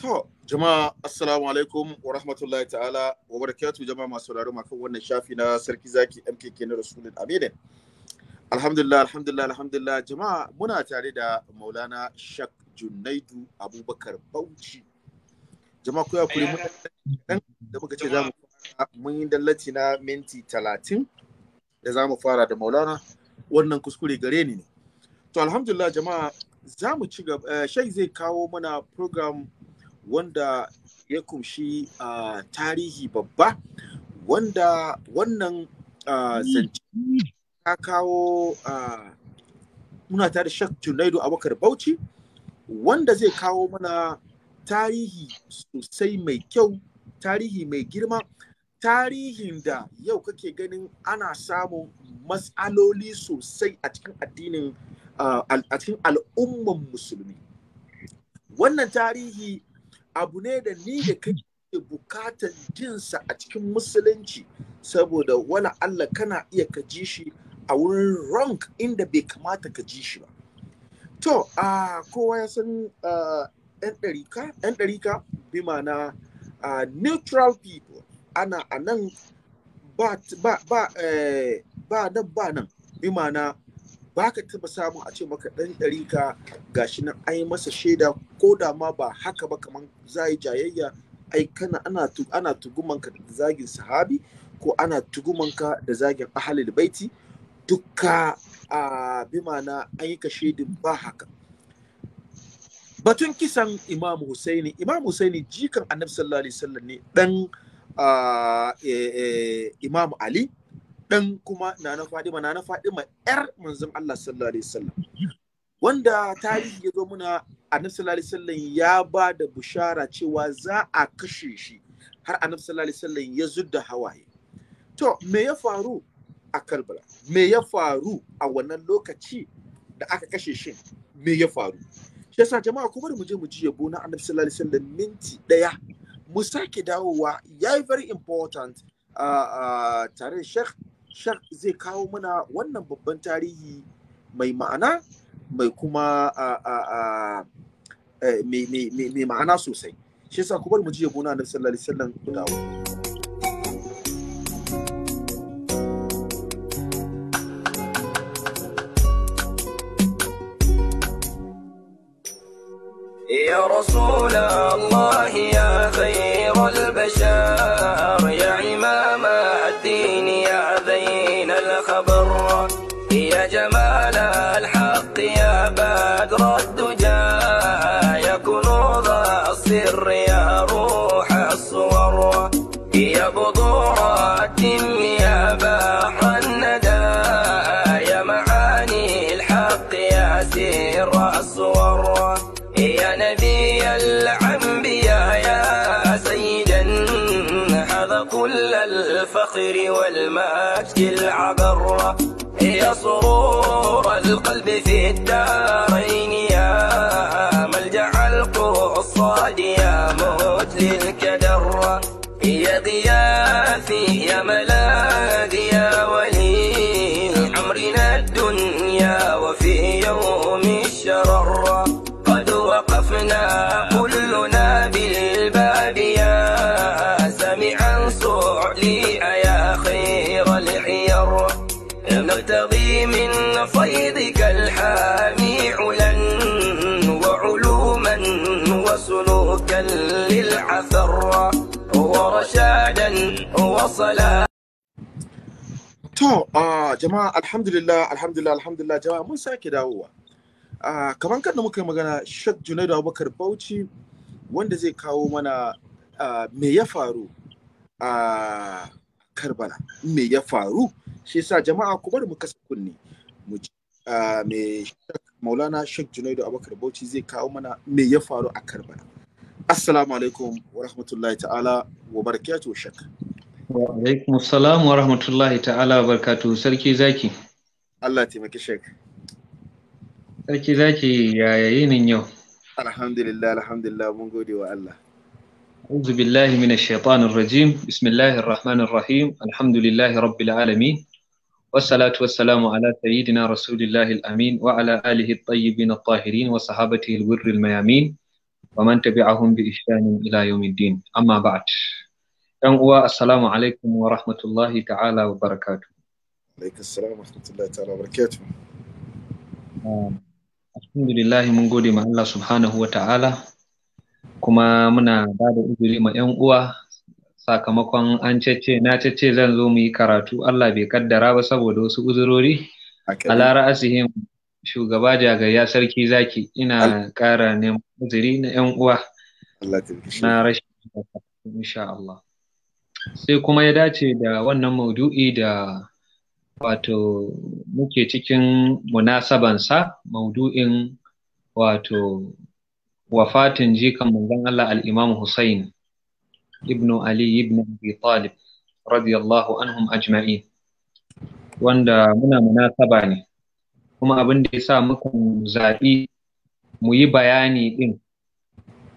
To, jama'a assalamu alaikum wa rahmatullahi ta'ala wa barakatuh jama'a masu sauraro makan wannan shafi na sarki zaki MKK na Rasulun Aminin. Alhamdulillah, alhamdulillah, alhamdulillah jama'a muna tare da Maulana Shak Junaidu Abubakar Bauchi. Jama'a ku yakuri da muka ce za mu mun yi dallaci na minti talatin da za mu fara da Maulana wannan kuskure gare ni ne. To alhamdulillah jama'a za mu ci gaba, eh, Shai zai kawo mana program wanda ya kumshi uh, tarihi babba wanda wannan zance ta kawo uh, muna tare shak tunaidu wakar bauchi wanda zai kawo mana tarihi sosai mai kyau tarihi mai girma tarihin da yau kake ganin ana samun matsaloli sosai a cikin addinin a cikin al'umman musulmi wannan tarihi abu ne da ni da kai bukatar jinsa a cikin musulunci saboda wani Allah kana iya ka ji shi a wurin wrong inda bai kamata ka ji shi ba. To, a kowa ya san ‘yan ɗarika bi mana neutral people ana a eh, ba, nan ba nan bi mana ba ka taba samu a ce maka ɗan ɗarika gashi nan an masa shaida ko da ma ba haka ba kaman za yi jayayya ai kana ana ana tugumanka da zagin sahabi ko ana ka da zagin ahalil baiti dukka a bimana an yi ka shaidin ba haka batun kisan imam husaini imam husaini jikan annabi sallallahu alaihi wasallam ne dan e, e, imam ali ɗan kuma Nana Fadima Nana Fadima ƴar manzon Allah sallallahu alaihi wasallam wanda tarihi ya zo muna Annabi sallallahu alaihi wasallam ya ba da bushara cewa za a kashe shi har Annabi sallallahu alaihi wasallam ya zudda hawaye to me ya faru a Karbala me ya faru a wannan lokaci da aka kashe shi me ya faru shi yasa jama'a kuma da mu je mu ji yabo na Annabi sallallahu alaihi wasallam minti daya mu sake dawowa yayi very important ah, ah, tare da Sheikh shak zai kawo mana wannan babban tarihi mai ma'ana mai kuma mai ma'ana sosai shi yasa kuma mu ji yabo na sallallahu alaihi wasallam ku dawo يا رسول الله يا خير البشر سرور القلب في الدارين يا ملجع القصاد يا موت للكدر يا غياثي يا ملاذي يا ولي عمرنا الدنيا وفي يوم صيدك الحامي علا وعلوما وسلوكا للعثر ورشادا وصلاة To, uh, jama'a alhamdulillah, alhamdulillah, alhamdulillah, jama'a mun sake dawowa. Uh, kamar kan da muka magana, Sheikh Junaidu Abubakar Bauchi wanda zai kawo mana uh, me ya faru a uh, Karbala, me ya faru? Shi sa jama'a ku bari mu kasa kunni. Ah, mai maulana sheikh junaidu abubakar bauchi zai kawo mana me ya faru a karbala assalamu alaikum wa rahmatullahi ta'ala wa barakatuhu shek wa alaikum assalam wa rahmatullahi ta'ala wa barakatuhu sarki zaki Allah taimaki shek sarki zaki ya yayinin yau alhamdulillah alhamdulillah mun gode wa Allah أعوذ بالله من الشيطان الرجيم بسم الله الرحمن الرحيم الحمد لله رب العالمين والصلاة والسلام على سيدنا رسول الله الأمين وعلى آله الطيبين الطاهرين وصحابته الور الميامين ومن تبعهم بإحسان إلى يوم الدين أما بعد ‘Yan uwa, assalamu alaikum wa rahmatullahi ta'ala wa barakatu. Alaikun salam wa rahmatullahi ta'ala wa barakatu. Alhamdulillah mun gode ma Allah subhanahu wa ta'ala, kuma muna ba da ma ‘yan uwa sakamakon an cece na cece zan zo mu yi karatu Allah bai kaddara ba saboda wasu uzurori ala ra'asihim shugaba jagayya sarki zaki ina kara neman uzuri na yan uwa na rashin insha Allah sai kuma ya dace da wannan maudu'i da wato muke cikin munasabansa maudu'in wato wafatin jikan manzon Allah al-Imam Hussein ibn Ali ibn Abi Talib radiyallahu anhum ajma'in wanda muna munasaba ne kuma abin da ya sa muka zaɓi mu yi bayani ɗin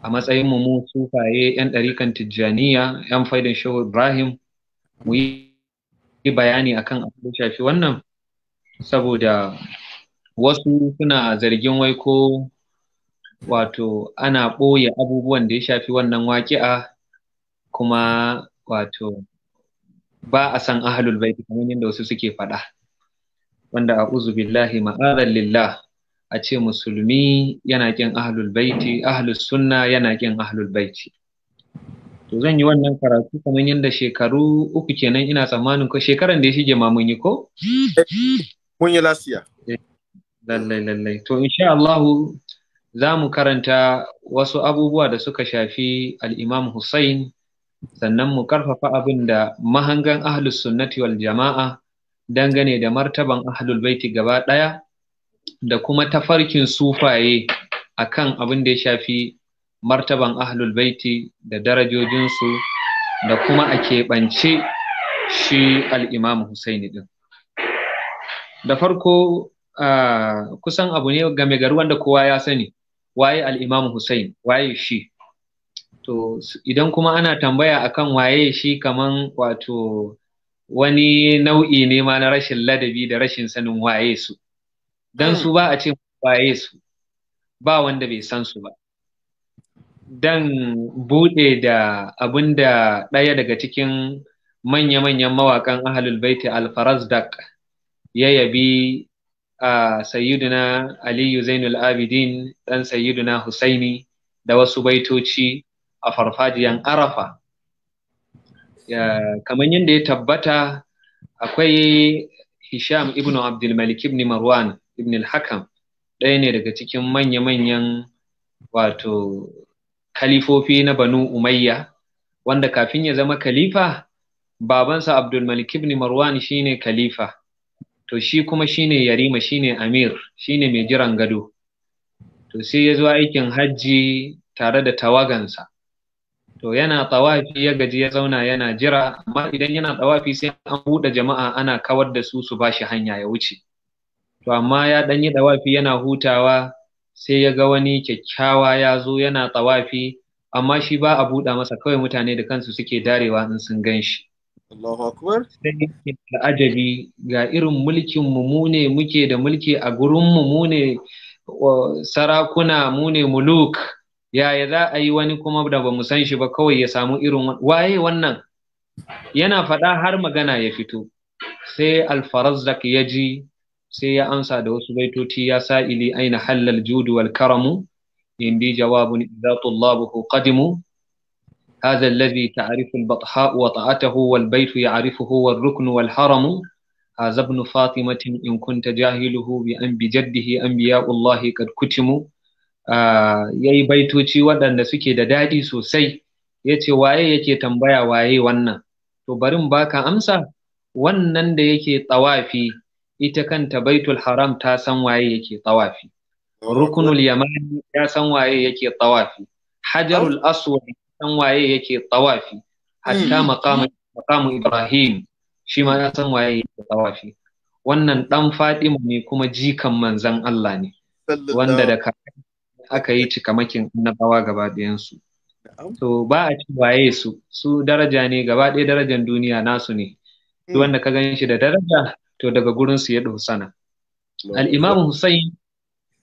a matsayin mu sufaye 'yan ɗarikan tijjaniya 'yan faidan shehu Ibrahim mu yi bayani akan abin da shafi wannan saboda wasu suna zargin wai ko wato ana ɓoye abubuwan da ya shafi wannan waƙi'a kuma wato ba a san ahalul baiti kamar yadda wasu suke faɗa wanda a billahi ma'azan lillah a ce musulmi yana kin ahalul baiti ahalus sunna yana kin ahalul baiti to zan yi wannan karatu kamar yadda shekaru uku kenan ina tsammanin ko shekaran da ya shige ma mun yi ko mun yi lasiya eh, lallai lallai to insha Allah za mu karanta wasu abubuwa da suka shafi al-Imam Hussein sannan mu ƙarfafa abin da mahangan ahlus sunnati wal jama'a dangane da martaban ahlul baiti gaba ɗaya da kuma tafarkin sufaye akan abin da ya shafi martaban ahlul baiti da darajojinsu da kuma a keɓance shi al'imam Husaini ɗin. Da farko kusan abu ne game garuwan da kowa ya sani waye al'imam Husain waye shi to idan kuma ana tambaya akan waye shi kaman wato wani nau'i ne ma na rashin ladabi da rashin sanin waye su dan su ba a ce waye su ba wanda bai san su ba dan bude da abin da ɗaya daga cikin manya-manyan mawaƙan ahalul baiti al-farazdak ya yabi a sayyiduna aliyu zainul abidin dan sayyiduna husaini da wasu baitoci a farfajiyan arafa Ya kamar yadda ya tabbata akwai hisham ibn abdulmalik ibn marwan ibn al-hakam ɗaya ne daga cikin manya-manyan wato kalifofi na banu umayya wanda kafin ya zama kalifa babansa abdulmalik ibn marwan shine kalifa to shi kuma shine yarima shine amir shine mai jiran gado to sai ya zo aikin hajji tare da tawagansa to yana tawafi ya gaji ya zauna yana jira amma idan yana tawafi sai an buɗe jama'a ana kawar da su su bashi hanya ya wuce to amma ya ɗan yi tawafi yana hutawa sai ya ga wani kyakkyawa ya zo yana tawafi amma shi ba a buɗa masa kawai mutane da kansu suke darewa in sun gan shi. Allahu Akbar. Sai da ajabi ga irin mulkin mu mu ne muke da mulki a gurin mu mu ne sarakuna mu ne muluk yaya za a yi wani kuma da ba mu san shi ba kawai ya samu irin waye wannan yana faɗa har magana ya fito sai alfarazzak ya ji sai ya amsa da wasu baitoci ya sa ili aina halal judu wal karamu indi jawabun idza tullabuhu qadimu هذا الذي تعرف البطحاء وطأته والبيت يعرفه والركن والحرم هذا ابن فاطمة إن كنت جاهله بأنب جده أنبياء الله قد كتموا ya yi baitoci waɗanda suke da daɗi sosai ya ce waye yake tambaya waye wannan to barin baka amsa wannan da yake tsawafi ita kanta baitul haram ta san waye yake tsawafi rukunul yamani ya san waye yake tsawafi hajarul aswad san waye yake tsawafi hatta hmm. maqamu ibrahim shi ma ya san waye yake tsawafi wannan ɗan fatima ne kuma jikan manzan Allah ne wanda da aka yi cikamakin annabawa gaba ɗayansu. To ba a ci waye su, su daraja ne gaba ɗaya darajan duniya nasu ne. Duk hmm. wanda ka gan shi da daraja to daga gurin ya ɗau sana. imam Hussein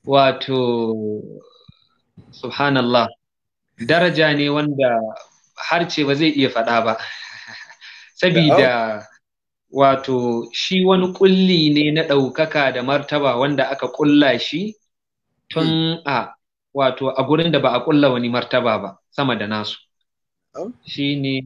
wato subhanallah daraja ne wanda har ce ba zai iya faɗa ba. Sabida wato shi wani kulli ne na ɗaukaka da martaba wanda aka ƙulla shi tun hmm. a wato a gurin da ba a ƙulla wani martaba ba sama da nasu oh. Shi ne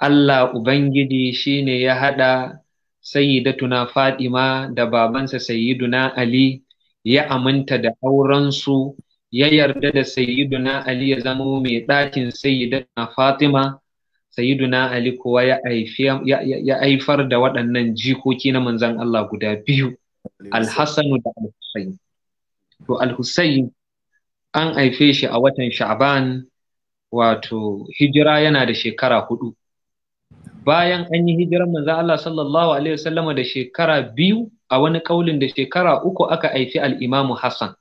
Allah Ubangiji ne ya haɗa sayyidatuna Fadima da babansa sayyiduna Ali ya aminta da aurensu ya yarda da sayyiduna Ali ya zama mai ɗakin sayyidatuna Fatima sayyiduna Ali kuwa ya aifar da waɗannan jikoki na manzan Allah guda biyu Alhassanu da Alhussain to Alhussain an haife shi a watan sha'ban wato hijira yana da shekara hudu bayan an yi hijirar manzo Allah sallallahu alaihi wasallama da shekara biyu a wani kaulin da shekara uku aka haifi Al'imamu Hassan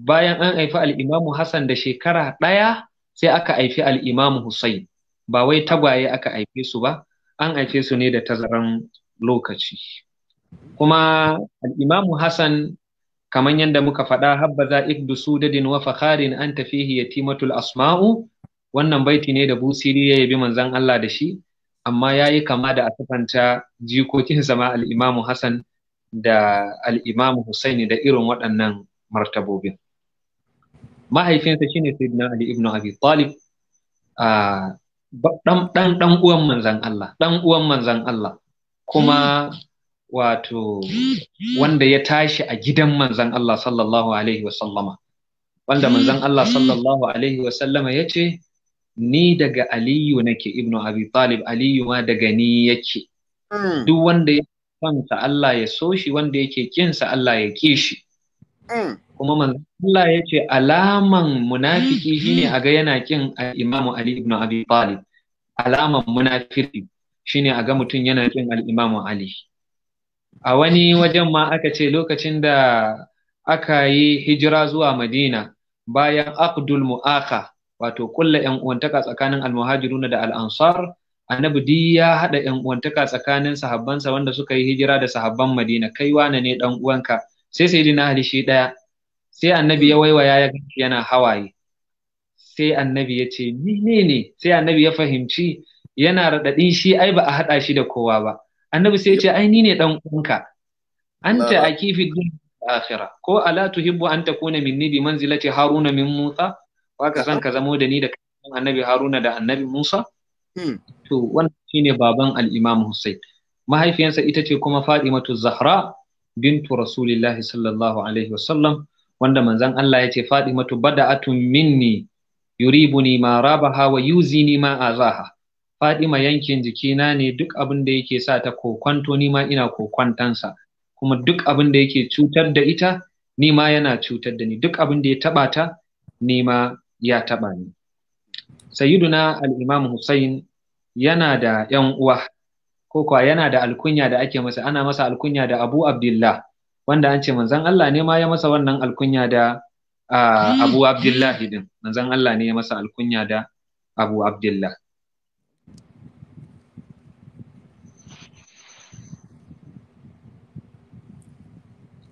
bayan an haifi Al'imamu Hassan da shekara ɗaya sai aka haifi Al'imamu imamu ba wai tagwaye aka haife su ba an haife su ne da tazaran lokaci kuma Al'imamu Hassan Kaman yadda muka faɗa habba za ikdu sudadin wa fakharin an tafihi yatimatul asma'u wannan baiti ne da busiri ya bi manzon Allah da shi amma ya yi kama da a jikokin jikokin zama imam Hassan da al-Imam Husaini da irin waɗannan martabobin. Mahaifinsa shi ne Sayyidina Ali ibn Abi Talib, ɗan uwan manzan Allah, ɗan uwan manzan Allah, kuma hmm. wato wanda ya tashi a gidan manzan Allah sallallahu alaihi wa wanda manzan Allah hmm. sallallahu alaihi wa ya ce ni daga aliyu nake ibnu abi talib aliyu ma daga ni yake hmm. duk wanda ya kansa Allah ya so shi wanda yake kinsa Allah ya ki shi hmm. kuma manzan Allah ya ce alaman munafiki shine a ga yana kin imamu ali ibnu abi talib alaman munafiki shine a ga mutum yana kin al'imamu ali a wani wajen ma aka ce lokacin da aka yi hijira zuwa madina bayan Abdul mu'aka wato kulla yan uwantaka tsakanin almuhajiruna da al'ansar annabi di ya haɗa yan uwantaka tsakanin sahabbansa wanda suka yi hijira da sahabban madina kai wane ne dan uwanka sai sayyidina ali shi ɗaya. sai annabi ya waiwaya ya yana hawaye sai annabi ya ce ni sai annabi ya fahimci yana raɗaɗin shi ai ba a haɗa shi da kowa ba annabi sai ya ce ai ni ne dan uwanka anta akifi dunya akhira ko ala tuhibbu an takuna minni bi manzilati haruna min musa wa ka san ka zamo da ni da annabi haruna da annabi musa hmm. to wannan shine baban al-imam husayn mahaifiyansa ita ce kuma fadimatu zahra bintu rasulillahi sallallahu alaihi wasallam wanda manzon Allah ya ce fadimatu bada'atun minni yuribuni ma rabaha wa yuzini ma azaha Fadima yankin jikina ne duk abin da yake sa ta kokwanto ni ma ina kokwantansa kuma duk abin da yake cutar da ita ni ma yana cutar da ni duk abin da ya taba ta ni ma ya taba ni sayyiduna al-imam Hussein yana da yan uwa ko kuwa yana da alkunya da ake masa ana masa alkunya da Abu Abdullah wanda an ce manzon Allah ne ma ya masa wannan alkunya da ah, Abu Abdullah din manzon Allah ne ya masa alkunya da Abu Abdullah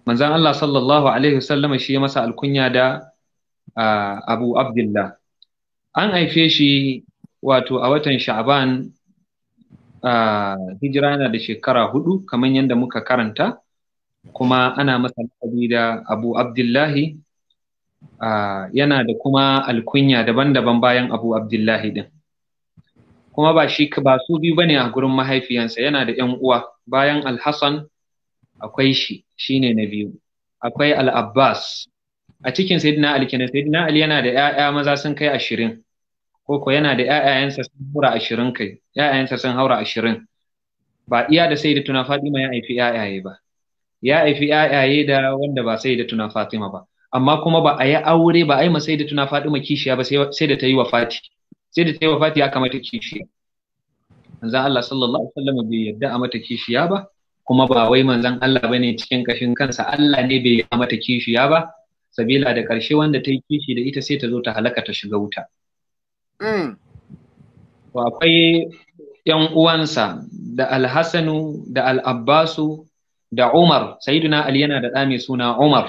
manzan Allah sallallahu alaihi wasallama shi ya masa alkunya da Abu Abdullah an haife shi wato a watan Sha'ban hijira na da shekara hudu kamar yadda muka karanta kuma ana masa lakabi da Abu Abdullahi yana da kuma alkunya daban-daban bayan Abu Abdullahi din kuma ba shi ba su biyu bane a gurin mahaifiyansa yana da 'yan uwa bayan Alhassan akwai shi shine na biyu akwai al-abbas a cikin sayyidina ali kenan sayyidina ali yana da ƴaƴa maza sun kai ashirin ko ko yana da ƴaƴayensa sun haura ashirin kai ƴaƴayensa sun haura ashirin ba iya da sayyidatuna fatima ya haifi ƴaƴaye ba ya haifi ƴaƴaye da wanda ba sayyidatuna fatima ba amma kuma ba a yi aure ba a yi masai da tuna Fatima kishiya ba sai da ta yi Fati. sai da ta yi Fati ya kamata kishiya manzon Allah sallallahu alaihi wasallam bai yadda a mata kishiya ba kuma ba wai manzon Allah ne cikin kashin kansa Allah ne bai yi mata kishiya ba sabila da ƙarshe wanda ta yi kishi da ita sai ta zo ta halaka ta shiga wuta mm. to akwai yan uwansa da alhassanu da al'abbasu da umar sayyiduna ali yana da ɗa mai suna umar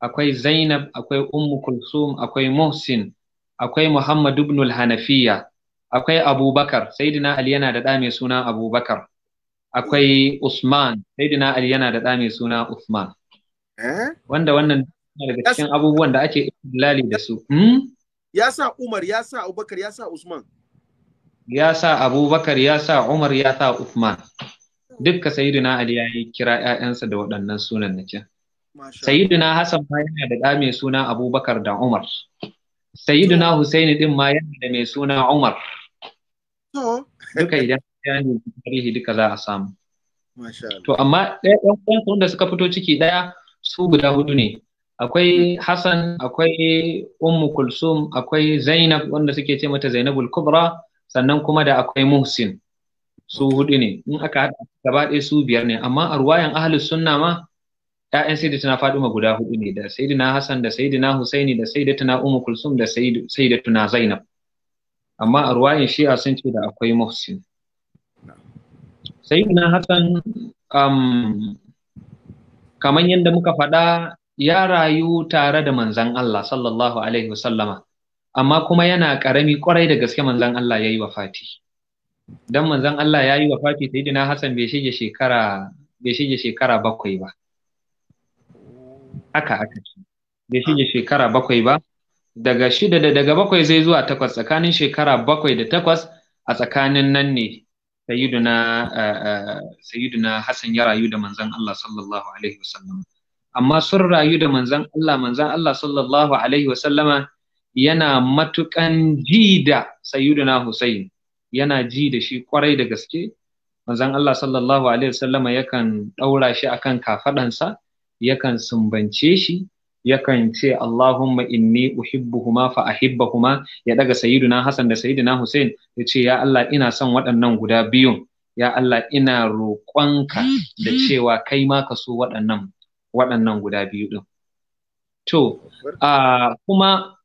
akwai zainab akwai ummu kulsum akwai muhsin akwai Muhammadu ibn hanafiya akwai abubakar sayyiduna ali yana da ɗa mai suna abubakar akwai Usman Saidina Ali yana da ɗa mai suna Usman eh? wanda wannan daga cikin abubuwan da ake lali da su hmm? ya sa Umar ya sa Abubakar ya sa Usman ya sa Abubakar ya sa Umar ya sa Usman dukka Sayyidina Ali ya yi kira ƴaƴansa da waɗannan sunan na nake Sayyidina Hassan ma yana da ɗa mai suna Abubakar da Umar Sayyidina Husaini din ma yana da mai suna Umar duka idan bayani tarihi duka za a samu to amma ɗaya ɗan uwansa wanda suka fito ciki ɗaya su guda hudu ne akwai Hassan akwai Ummu Kulsum akwai Zainab wanda suke ce mata Zainabul Kubra sannan kuma da akwai Muhsin su hudu ne in aka haɗa gaba ɗaya su biyar ne amma a ruwayan ahalus sunna ma ‘ya'yan Sayyidatuna Faduma guda hudu ne da na Hassan da na Husaini da tuna Ummu Kulsum da tuna Zainab amma a ruwayin Shi'a sun ce da akwai Muhsin na hassan um, kamar yadda muka faɗa ya rayu tare da manzan Allah sallallahu alaihi wasallama amma kuma yana ƙarami ƙwarai da gaske manzan Allah ya yi wa Fati. Don manzan Allah ya yi wa fati hassan bai shige shekara bai shige shekara bakwai ba haka aka ce bai shige shekara bakwai ba daga shida da daga bakwai zai zuwa takwas tsakanin shekara bakwai da takwas a tsakanin nan ne sayyiduna eh, eh, sayyiduna Hassan ya rayu da manzon Allah sallallahu alaihi wasallam amma sun rayu da manzon Allah manzon Allah sallallahu alaihi wasallama yana matukan ji da sayyiduna Hussein yana ji da shi kwarai da gaske manzon Allah sallallahu alaihi wasallama yakan daura shi akan kafadansa yakan sumbance shi yakan ce Allahumma inni uhibbuhuma fa ahibbahuma ya daga sayyiduna Hassan da sayyiduna Hussein ya ce ya Allah ina son waɗannan guda biyun ya Allah ina roƙonka da cewa kai ma ka so waɗannan waɗannan guda biyu din to a kuma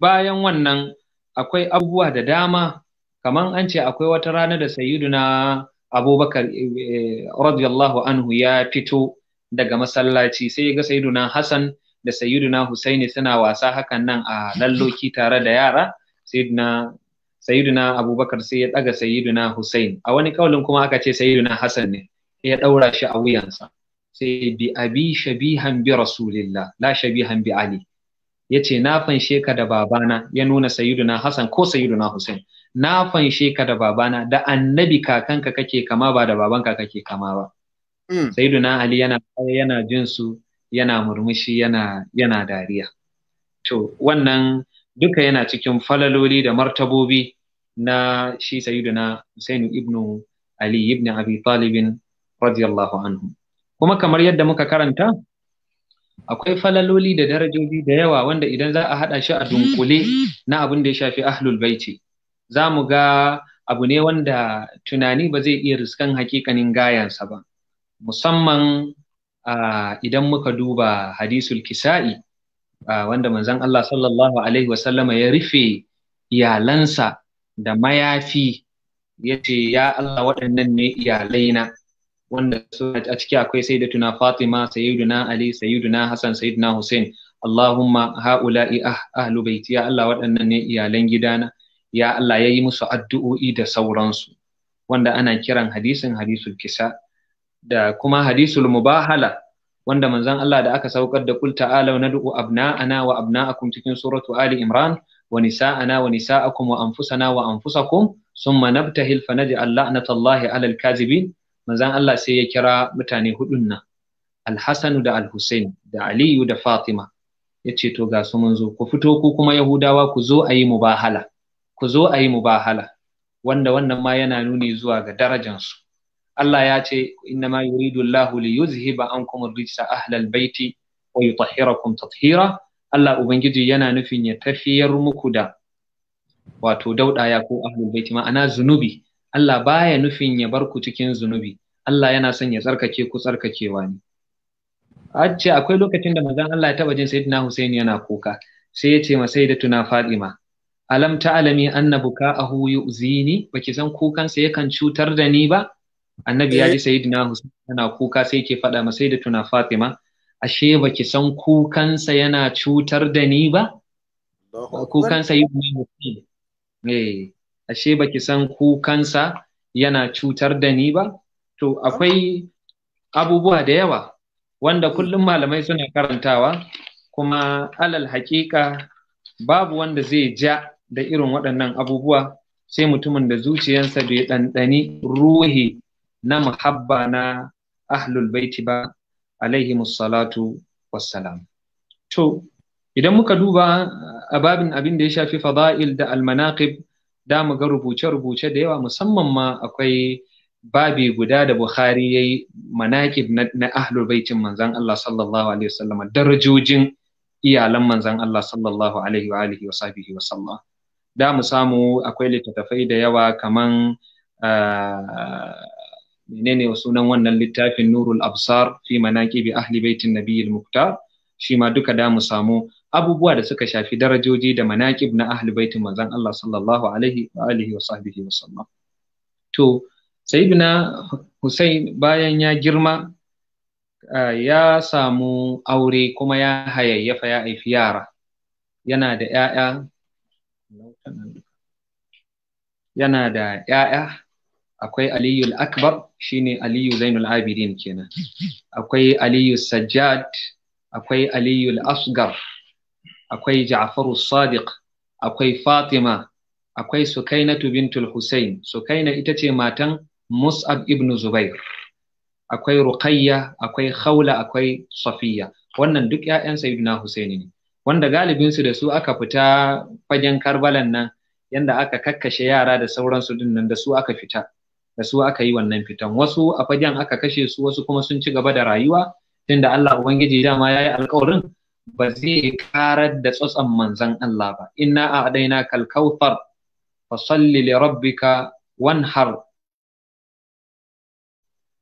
bayan wannan akwai abubuwa da dama kaman an ce akwai wata rana da sayyiduna Abubakar eh, eh, radiyallahu anhu ya fito daga masallaci sai ya ga sayyiduna Hassan da sayyiduna husaini suna wasa hakan nan a lalloki tare da yara sayyiduna sayyiduna abubakar sai ya daga sayyiduna Husaini. a wani kaulin kuma aka ce sayyiduna hasan ne ya daura shi a wuyansa sai bi abi shabihan bi rasulillah la shabihan bi ali yace na fanshe ka da babana ya nuna sayyiduna Hassan ko sayyiduna husain na fanshe ka da babana da annabi kakanka kake kama ba da babanka kake kama ba mm. sayyiduna ali yana yana jin su yana murmushi yana yana dariya to wannan duka yana cikin falaloli da martabobi na shi sayyiduna Husainu ibnu Ali ibn Abi Talib radiyallahu anhu kuma kamar yadda muka karanta akwai falaloli da darajoji da yawa wanda idan za a haɗa shi a dunkule na abin da ya shafi ahlul baiti za mu ga abu ne wanda tunani ba zai iya riskan hakikanin gayansa ba musamman idan muka duba hadisul kisa'i wanda manzon Allah sallallahu alaihi wasallama ya rufe iyalansa da mayafi ya ce ya Allah waɗannan ne iyalaina wanda a ciki akwai sai da tuna Fatima sayyiduna Ali sayyiduna Hassan sayyiduna Hussein Allahumma ha'ula'i ah, ahlu baiti ya Allah waɗannan ne iyalan gidana ya Allah ya yi musu addu'o'i da sauransu wanda ana kiran hadisin hadisul kisa' da kuma hadisul mubahala wanda manzon Allah da aka saukar da kul ta'ala nad'u abna'ana wa abna'akum cikin suratu ali imran wa nisa'ana wa nisa'akum wa anfusana wa anfusakum summa nabtahil fa naj'al la'natallahi 'alal Kazibin? manzon Allah sai ya kira mutane hudun nan al-hasan da al-husain da ali da fatima yace to ga su mun zo ku fito ku kuma yahudawa ku zo ayi mubahala ku zo ayi mubahala wanda wannan ma yana nuni zuwa ga darajansu Allah ya ce inna ma yuridu Allahu li yuzhiba ankum ar-rijsa al baiti wa yutahhirakum tathira Allah ubangiji yana nufin ya tafiyar muku da wato daudaya ko ahlul baiti ma'ana zunubi Allah baya nufin ya bar ku cikin zunubi Allah yana son ya tsarkake ku tsarkakewa ne ce akwai lokacin da manzon Allah ya taba jin sayyidina Hussein yana kuka sai ya ce ma sayyidatuna Fatima alam ta'lami anna buka'ahu yu'zini baki san kukan sa yakan cutar da ni ba annabi ya ji eh. sayyidina husain yana kuka sai yake faɗa ma da tuna Fatima ashe baki san kukansa yana cutar da ni ba kukansa yi Usman eh ashe baki san kukansa yana cutar da ni ba to akwai abubuwa da yawa wanda hmm. kullum malamai suna karantawa kuma alal haƙiƙa babu wanda zai ja da irin waɗannan abubuwa sai mutumin da zuciyarsa bai ɗanɗani ruhi na muhabba na ahlul baiti ba alaihi musallatu wassalam to idan muka duba a babin abin da ya shafi fada'il da almanaqib da mu ga rubuce-rubuce da yawa musamman ma akwai babi guda da Bukhari yayi manaqib na ahlul baitin manzon Allah sallallahu alaihi wasallam darajojin iyalan manzon Allah sallallahu alaihi wa alihi wa sahbihi wa sallam da mu samu akwai littattafai da yawa kaman ah, menene sunan wannan littafin nurul absar fi manaqibi ahli baitin nabiyil muktar shi ma duka da mu samu abubuwa da suka shafi darajoji da manaqib na ahli baitin manzon Allah sallallahu alaihi wa alihi wa sahbihi sallam. to sayyidina Hussein bayan ya girma ya samu aure kuma ya hayayyafa ya haifi yara yana da yana da ‘ya'ya akwai aliyu akbar shine aliyu zainul abidin kenan akwai aliyu sajjad akwai aliyu asgar akwai ja'faru sadiq akwai fatima akwai sukainatu bintul husain sukaina ita ce matan mus'ab ibn zubair akwai ruqayya akwai khawla akwai safiya wannan duk ƴaƴan sayyidina husaini ne wanda galibin su da su aka fita fagen karbalan nan yanda aka kakkashe yara da sauransu din nan da su aka fita da su aka yi wannan fitan wasu a fagen aka kashe su wasu kuma sun ci gaba da rayuwa tunda Allah ubangiji dama yayi alƙawarin ba zai karar da tsotsan manzan Allah ba inna a'daina kal kautar fa salli li rabbika wanhar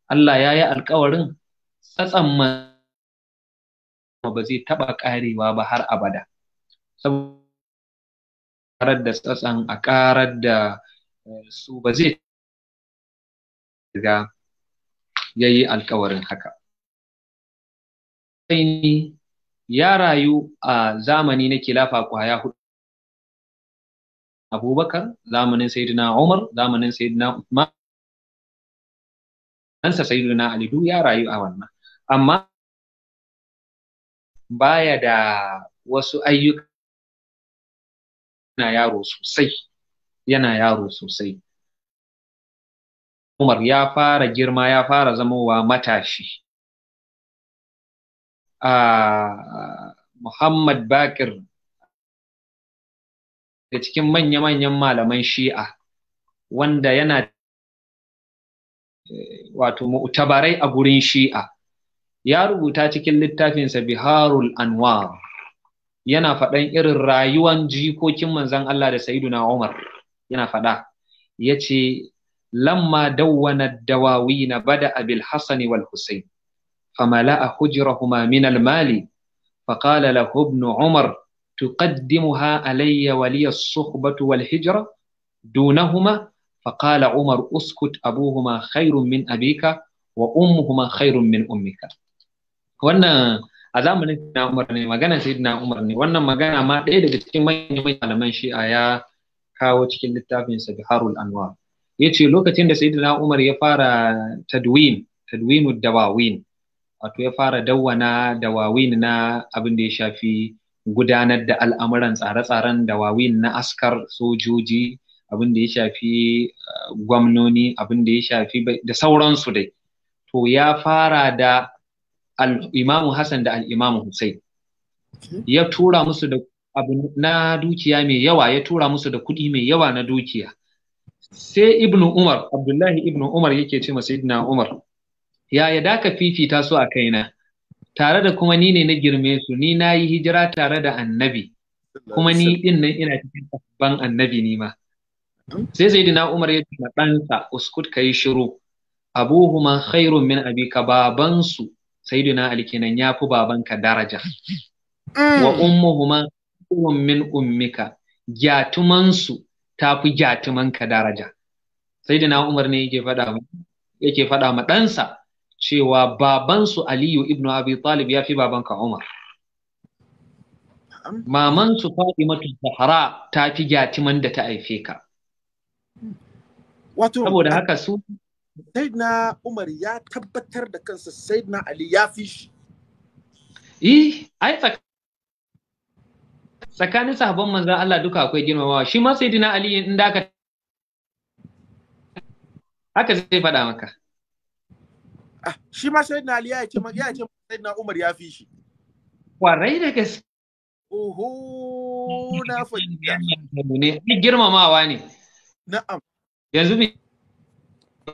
Allah yayi alƙawarin tsotsan manzan ba zai taba karewa ba har abada saboda karar da tsatsan a karar da eh, su ba zai riga ya yi alkawarin haka. Ya rayu a zamani na kilafa kwaya hudu. Abubakar, zamanin Sayyidina Umar, zamanin Sayyidina Umar, ansa Sayyidina Ali duk ya rayu a wannan. Amma baya da wasu ayyuka yana yaro sosai, yana yaro sosai. Umar ya fara girma ya fara zamowa matashi. Uh, Muhammad Bakir da cikin manya-manyan malaman shi'a wanda yana wato mu'tabarai a gurin shi'a ya rubuta cikin littafinsa biharul anwar yana faɗan irin rayuwan jikokin manzan Allah da Sayyiduna Umar yana faɗa ya ce لما دون الدواوين بدأ بالحسن والحسين فملأ حجرهما من المال فقال له ابن عمر تقدمها علي ولي الصحبة والهجرة دونهما فقال عمر اسكت أبوهما خير من أبيك وأمهما خير من أمك wannan a zamanin na umar ne magana sai na umar ne wannan magana ma ɗaya daga cikin manyan malaman shi'a ya kawo cikin littafin sa biharul anwar Ya ce lokacin da sayyidina Umar ya fara tadwin tadwinu dawawin wato ya fara dawwana dawawin na abin da ya shafi gudanar da al'amuran tsare-tsaren dawawin na askar sojoji abin da ya shafi eh, gwamnoni abin da ya shafi da sauransu dai to ya fara da al'imamu Hassan da al'imamu Hussein ya tura musu da abu na dukiya mai yawa ya tura musu da kuɗi mai yawa na dukiya sai ibnu umar abdullahi ibnu umar yake ce ma sayyidina umar ya da ka fifita su a kaina tare da kuma ni ne na girme su ni na yi hijira tare da annabi kuma ni din nan ina cikin ban annabi ni ma sai sayyidina umar ya ce ma ɗansa uskut ka yi shiru abuhuma khairun min abika babansu sayyidina ali kenan yafi babanka daraja mm. wa ummuhuma khairun min ummika gyatumansu ta fi jatumanka daraja sai da umar ne yake faɗa yake ma ɗansa cewa babansu aliyu ibnu abi talib ya fi babanka umar mamansu fatimatu zahra ta fi jatuman da ta haife ka wato saboda haka su saidina umar ya tabbatar da kansa saidina ali ya fi shi eh ai tsakanin sahabban manzan Allah duka akwai girmamawa shi ma dina Ali in da aka haka zai faɗa maka ah, shi ma dina Ali ya ce ya ce dina Umar ya fi shi kwarai da gaske oho na fahimta ne girmamawa ne na'am yanzu bi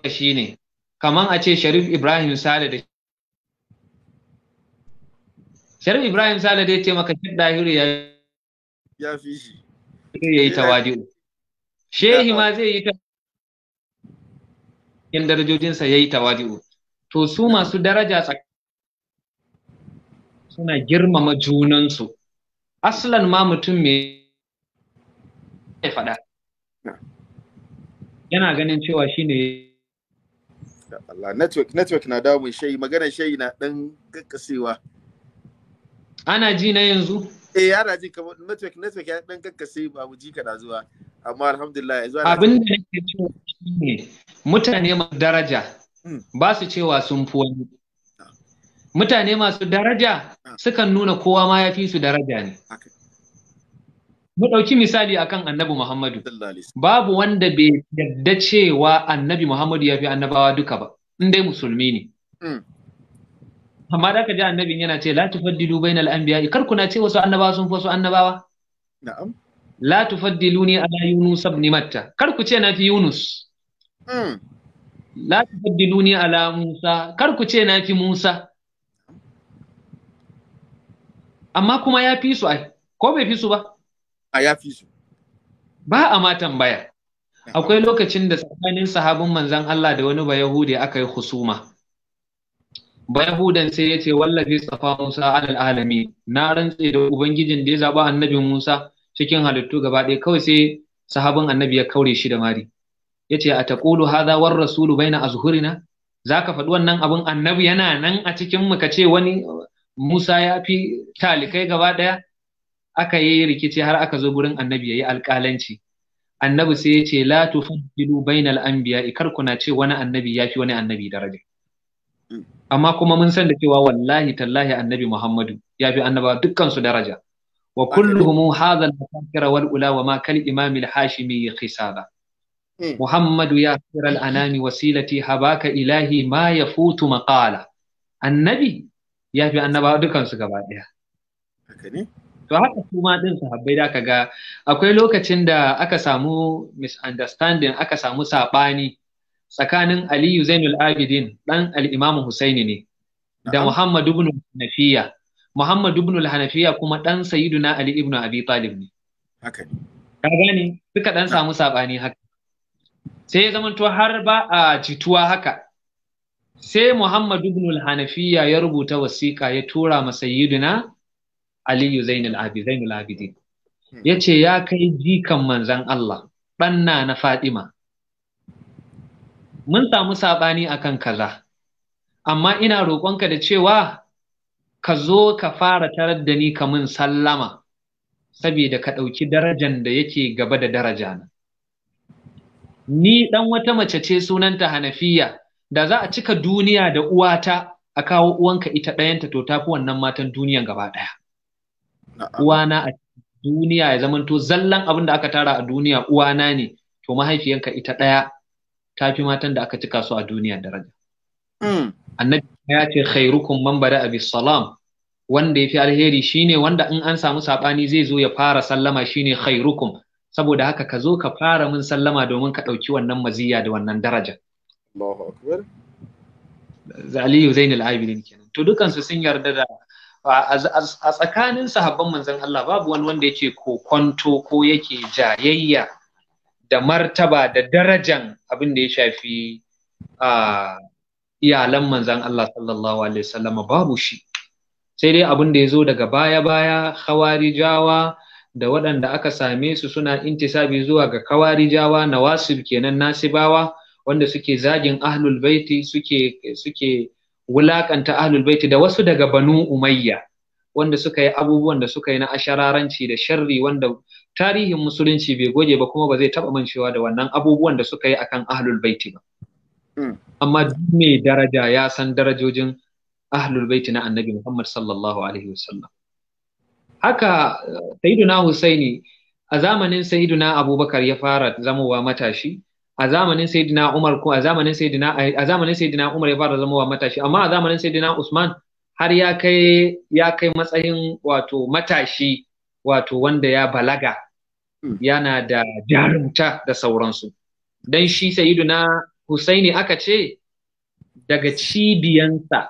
shi ne kaman a ce Sharif Ibrahim Sale da Sharif Ibrahim Sale dai ce maka shi Dahiru ya ya fi shi ya yi tawadi. shehi ma zai yi tawadi. Yan darajojinsa ya yi tawadi. to su masu daraja suna girmama junansu aslan ma mutum mai faɗa yana ganin cewa shi ne Allah network network na dawo mai shayi magana shayi na ɗan kakkasewa ana ji na yanzu eh yana jin kamar network network ya dan kakkase ba wuji kana zuwa amma alhamdulillah yanzu abin da nake cewa shine mutane masu daraja hmm. ba su cewa sun fi wani mutane masu daraja ah. sukan nuna kowa ma ya fi su daraja ne mu ɗauki misali akan annabi Muhammadu babu wanda bai yarda cewa annabi Muhammadu ya fi annabawa duka ba in dai musulmi ne hmm. amma da ka ji annabin yana ce la tufaddilu bainal anbiya kar kuna ce wasu annabawa sun fi wasu annabawa na'am la tufaddiluni ala yunus ibn matta kar ku ce na fi yunus mm. la tufaddiluni ala musa kar ku ce na fi musa amma kuma ya fi su ai ko bai fi su ba a ya fi su ba a ma tambaya akwai lokacin da tsakanin sahabin manzon Allah da wani ba Yahudi aka yi husuma Bayahudan sai ya ce wallafi tsafa Musa alal alami na rantse da Ubangijin da ya zaɓa annabi Musa cikin halittu gaba ɗaya kawai sai sahabin annabi ya kaure shi da mari. Ya ce a taƙulu haza war rasulu baina azhurina za ka faɗi wannan abin annabi yana nan a cikin mu ka ce wani Musa ya fi talikai gaba ɗaya aka yi rikici har aka zo gurin annabi ya yi alƙalanci. Annabi sai ya ce la tufaddilu bainal anbiya ikar kuna ce wani annabi ya fi wani annabi daraja. amma kuma mun san da cewa wallahi tallahi annabi Muhammadu ya fi annaba dukkan su daraja wa kulluhum hadha al fakira wal ula wa ma kal imam al-hashimi khisaba hmm. Muhammadu ya khira al-anami wasilati habaka ilahi ma yafutu maqala annabi ya fi annaba dukkan su gaba daya haka ne to haka su ma din sahabbai da kaga akwai lokacin da aka samu misunderstanding aka samu sabani tsakanin Aliyu Zainul Abidin ɗan al’imamu Husaini ne da Muhammadu ibn Hanafiya Muhammadu ibn Hanafiya kuma ɗan sayidu na Ali ibn Abi Talib ne haka ka suka ɗan samu saɓani haka sai ya zamanto har ba a jituwa haka sai Muhammadu ibn Hanafiya ya rubuta wasiƙa ya tura ma na Aliyu Zainul Abidin Zainul hmm. Abidin ya kai jikan manzon Allah Ɗan na Fatima mun samu saɓani a kan kaza amma ina roƙonka da cewa ka zo ka fara tarar da ni ka mun sallama saboda ka ɗauki darajan da yake gaba da daraja na ni ɗan wata mace ce sunanta hanafiya da za a cika duniya da uwata a kawo uwanka ita ɗayanta to tafi wannan matan duniyan gaba ɗaya uwana a duniya ya zamanto zallan abin da aka tara a duniya uwana ne to mahaifiyanka ita ɗaya ta fi matan da aka cika su a duniya daraja hmm. annabi ya ce khairukum man bada salam wanda ya fi alheri shine wanda in an samu sabani zai zo ya fara sallama shine khairukum saboda haka ka zo ka fara min sallama domin ka ɗauki wannan maziya da wannan daraja Allahu Zainul Abidin kenan to dukansu sun yarda da a tsakanin sahabban manzon Allah babu wani wanda yake kwanto ko yake jayayya da martaba da darajan abin da ya shafi a iyalan manzan Allah sallallahu alaihi wasallama babu shi sai dai abin da ya zo daga baya-baya hawarijawa da waɗanda aka same su suna intisabi zuwa ga kawarijawa nawasib kenan nasibawa wanda suke zagin ahlul baiti suke suke wulakanta ahlul baiti da wasu daga banu umayya wanda suka yi abubuwan da suka yi na ashararanci da sharri wanda tarihin musulunci bai goge ba kuma ba zai taba mancewa da wannan abubuwan da suka yi akan ahlul baiti ba mm. amma duk mai daraja ya san darajojin ahlul baiti na annabi Muhammad sallallahu alaihi wasallam haka uh, sayyiduna Husaini a zamanin sayyiduna Abubakar ya fara zamowa matashi a zamanin sayyiduna Umar ko a zamanin sayyiduna a zamanin sayyiduna Umar ya fara zamowa matashi amma a zamanin sayyiduna Usman har ya kai ya kai matsayin wato matashi wato wanda ya balaga Hmm. yana da jarumta da sauransu Don shi na, Hussaini aka ce daga cibiyansa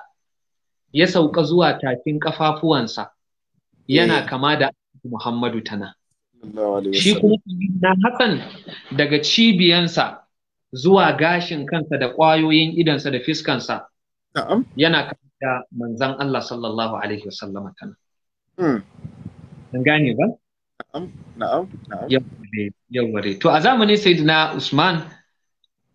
ya sauka zuwa takin ƙafafuwansa, yana eh. kama da Muhammadu tana shi kuma na Hassan daga cibiyansa zuwa gashin kansa da ƙwayoyin idansa da fiskansa yana kama da manzan Allah sallallahu alaihi wasallam tana hmm. gane ba na'am na'am to a zamanin sayyidina Usman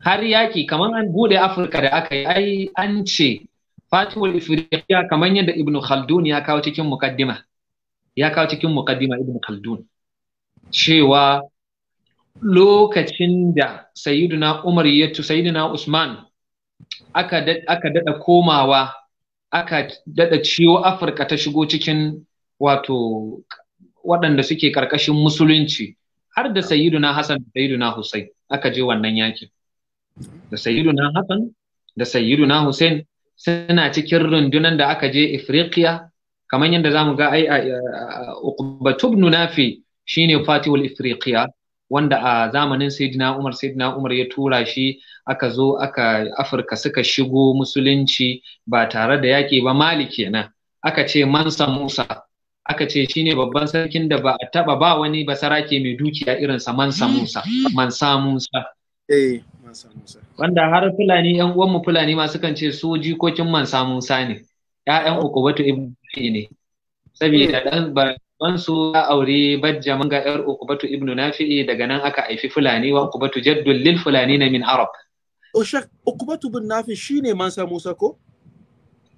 har yaki kamar an bude Afirka da aka yi ai an ce Fatihul Ifriqiya kamar yadda Ibn Khaldun ya kawo cikin muqaddima ya kawo cikin muqaddima Ibn Khaldun cewa lokacin da sayyidina Umar ya tu sayyidina Usman aka aka dada komawa aka dada ciwo Afirka ta shigo cikin wato waɗanda suke ƙarƙashin musulunci har da na Hassan da na Hussein aka je wannan yakin da na Hassan da na Hussein suna cikin rundunan da aka je Ifriqiya kamar yadda za mu ga ai Uqbatu ibn Nafi shine Fatihul Ifriqiya wanda a zamanin Sayyidina Umar Sayyidina Umar ya tura shi aka zo aka Afirka suka shigo musulunci ba tare da yaƙi ba Mali kenan aka ce Mansa Musa aka ce shi ne babban sarkin da ba a taba ba wani basarake mai dukiya irin sa Mansa Musa eh, Mansa Musa wanda har Fulani yan uwan mu Fulani ma sukan ce su jikokin Mansa Musa ne uku Ukubatu ibn Nafi ne saboda dan hmm. ban su ya aure bajja manga yar Ukubatu ibn Nafi daga nan aka haifi Fulani wa Ukubatu jaddul lil Fulani na min Arab uku Ukubatu ibn Nafi shine Mansa Musa ko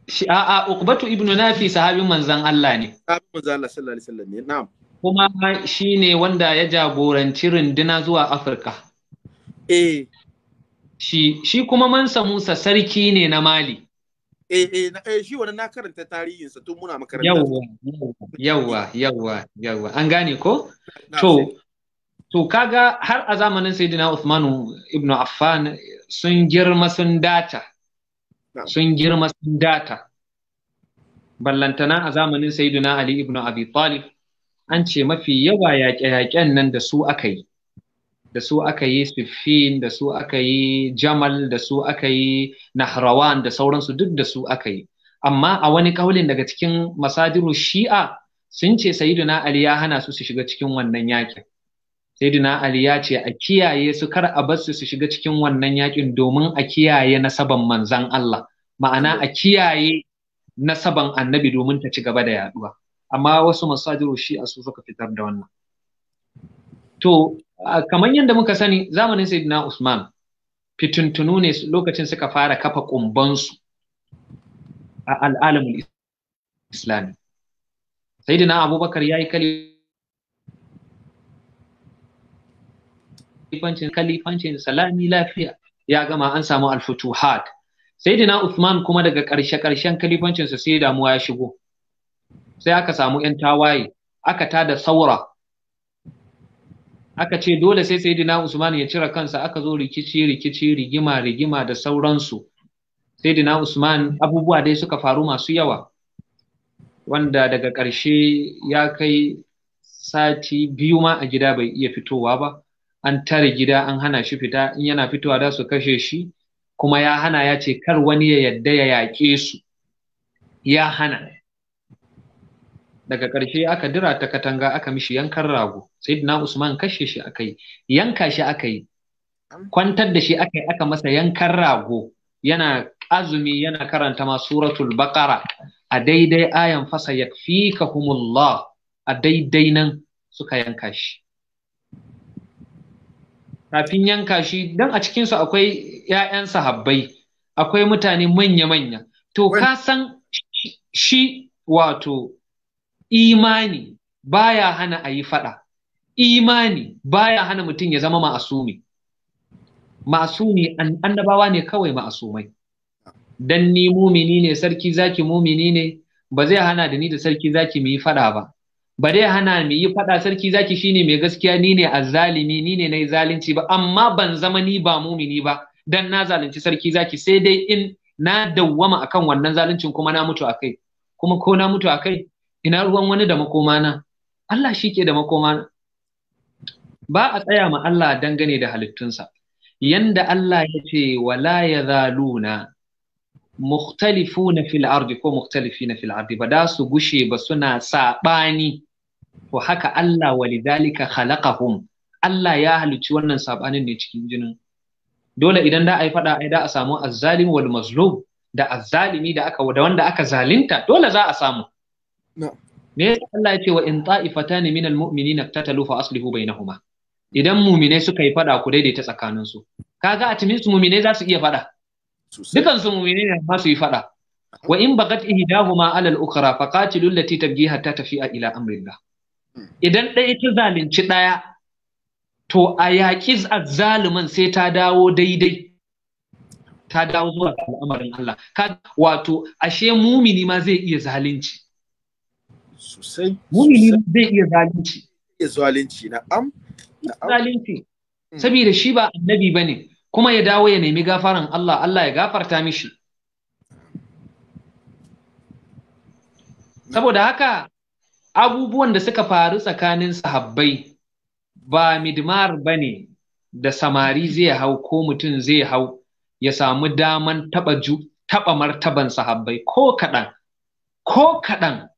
shi a a Uqbatu ibn Nafi sahabin manzon Allah ne sahabin manzon Allah sallallahu alaihi wasallam ne na'am kuma shine wanda ya jagoranci runduna zuwa Afirka eh shi shi kuma Mansa Musa sarki ne na Mali eh eh, eh shi wannan na karanta tarihin sa tun muna makaranta yawwa yawwa yawwa yawwa an gane ko to to kaga har a zamanin Sayyidina Uthman ibn Affan sun girma sun data sun girma sun data ballantana a zamanin sayyiduna ali ibn abi talib an ce mafi yawa yaƙe-yaƙen nan da su aka yi da su aka yi siffin da su aka yi jamal da su aka yi nahrawan da sauransu duk da su aka yi amma a wani ƙaulin daga cikin masadiru shi'a sun ce sayyiduna ali ya hana su su shiga cikin wannan yaƙin. Saidina Ali ya ce a kiyaye su kar a bar su su shiga cikin wannan yakin domin a kiyaye nasaban manzan Allah ma'ana a kiyaye nasaban annabi domin ta ci gaba da yaduwa amma wasu masajiru shi a su suka fitar da wannan to kamar yadda muka sani zamanin saidina Usman fituntunu ne lokacin suka fara kafa kumbansu a al'alamul islami Sayyidina Abubakar yayi yi kalli khalifancin khalifancin salami lafiya ya gama an samu alfutuhat Saidina Usman kuma daga ƙarshe ƙarshen khalifancin sa sai damuwa ya shigo sai aka samu yan tawaye aka tada saura aka ce dole sai sayyidina Usman ya cire kansa aka zo rikici rikici rigima rigima da sauransu sayyidina Usman abubuwa dai suka faru masu yawa wanda daga ƙarshe ya kai sati biyu ma a gida bai iya fitowa ba an tare gida an hana shi fita in yana fitowa da su kashe shi kuma ya hana ya ce kar wani ya yadda ya yaƙe su ya hana daga ƙarshe aka dira ta katanga aka mishi yankan rago na usman kashe shi aka yi yanka shi aka yi kwantar da shi aka yi aka masa yankan rago yana azumi yana karanta ma suratul baqara a daidai ayan fasa humullah a daidai nan suka yanka shi kafin yanka shi dan a cikinsu akwai 'ya'yan sahabbai akwai mutane manya-manya to ka san shi wato imani baya hana a yi faɗa imani baya hana mutum ya zama ma'asumi ma'asumi annabawa ne kawai ma'asumai dan ni mumini ne sarki zaki mumini ne ba zai hana da ni da sarki zaki mu yi faɗa ba ba dai hana mu yi faɗa sarki zaki shine mai gaskiya ni ne azzalimi ni ne nayi zalunci ba amma ban zama ni ba mumini ba dan na zalunci sarki zaki sai dai in na dawwama akan wannan zaluncin kuma na mutu akai kuma ko na mutu akai ina ruwan wani da makomana Allah shi ke da makomana ba a tsaya ma Allah dangane da halittunsa yanda Allah ya ce wala ya zaluna mukhtalifuna fil ardi ko mukhtalifina fil ardi ba da su gushe ba suna sabani to haka Allah walidhalika khalaqahum Allah ya halicci wannan sabanin ne cikin jinin dole idan da ai fada ai da a samu azzalim wal mazlum da azzalimi da aka da wanda aka zalinta dole za a samu me yasa Allah ya ce wa in ta'ifatan min al mu'minina tatalu fa aslihu bainahuma idan mu'minai suka yi fada ku daidaita tsakaninsu kaga at least mu'minai za su iya fada dukan su mu'mini ne ma su yi fada wa in bagat ihdahuma ala al-ukhra qatilu allati tabghi hatta tafi'a ila amrillah hmm. idan ɗaya ita zalunci ɗaya to a yaƙi zaliman sai ta dawo daidai ta dawo zuwa al'amarin Allah ka wato ashe mumini ma zai iya zalunci sosai mumini zai iya zalunci zalunci zalunci na'am zalunci hmm. saboda shi ba annabi bane kuma ya dawo ya nemi gafaran Allah Allah ya gafarta mishi saboda haka abubuwan da suka faru tsakanin sahabbai ba midmar bane da samari zai hau ko mutum zai hau ya samu daman taba ju taba martaban sahabbai ko kaɗan ko kaɗan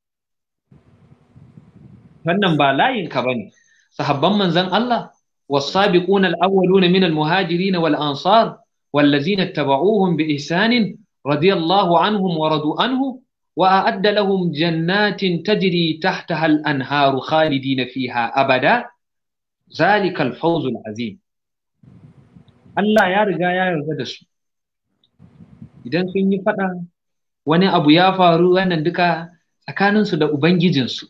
wannan ba layinka ba ne sahabban manzan Allah والسابقون الأولون من المهاجرين والأنصار والذين اتبعوهم بإحسان رضي الله عنهم ورضوا عنه وأعد لهم جنات تجري تحتها الأنهار خالدين فيها أبدا ذلك الفوز العظيم Allah ya riga ya yarda da su idan sun yi faɗa wani abu ya faru wannan duka tsakaninsu da ubangijinsu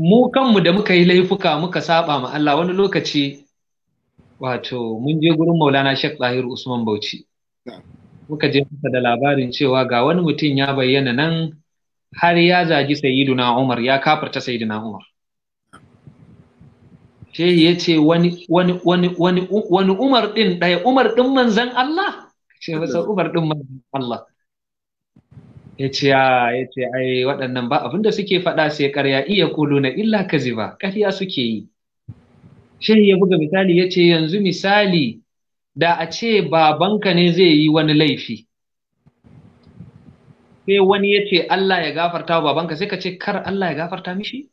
mu kanmu da muka yi laifuka muka saba ma Allah wani lokaci wato mun je gurin Maulana Sheikh Zahir Usman Bauchi muka je muka da labarin cewa ga wani mutum ya bayyana nan har ya zagi Sayyiduna Umar ya kafarta Sayyiduna Umar sai ya ce wani wani wani wani wani Umar din daya Umar din manzon Allah ce masa Umar din manzon Allah ya ce ya ce ai waɗannan ba abin da suke faɗa sai ƙarya iya kulu na illa kaziba ƙarya suke yi shehi ya buga misali ya ce yanzu misali da a ce babanka ne zai yi wani laifi sai wani ya ce Allah ya gafarta wa babanka sai ka ce kar Allah ya gafarta mishi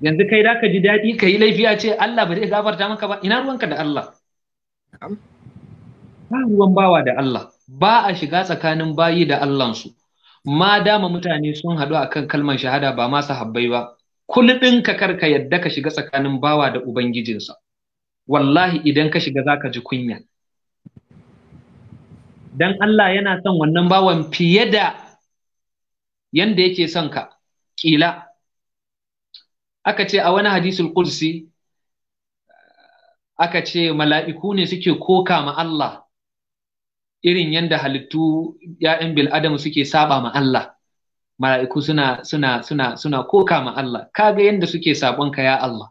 yanzu kai da ka ji daɗi ka yi laifi a ce Allah ba zai gafarta maka ba ina ruwanka da Allah ba ruwan bawa da Allah ba a shiga tsakanin bayi da Allahnsu ma dama mutane sun haɗu akan kalmar shahada ba ma sahabbai ba kulɗin ka karka yadda ka shiga tsakanin bawa da ubangijinsa wallahi idan ka shiga zaka ji kunya dan Allah yana son wannan bawan fiye da yanda yake son ka kila aka ce a wani hadisul kursi aka ce mala'iku ne suke koka ma Allah irin yadda halittu ‘ya'yan biladam suke saba ma Allah, mala'iku suna, suna, suna, suna koka ma Allah, kaga yadda suke sabonka ya Allah.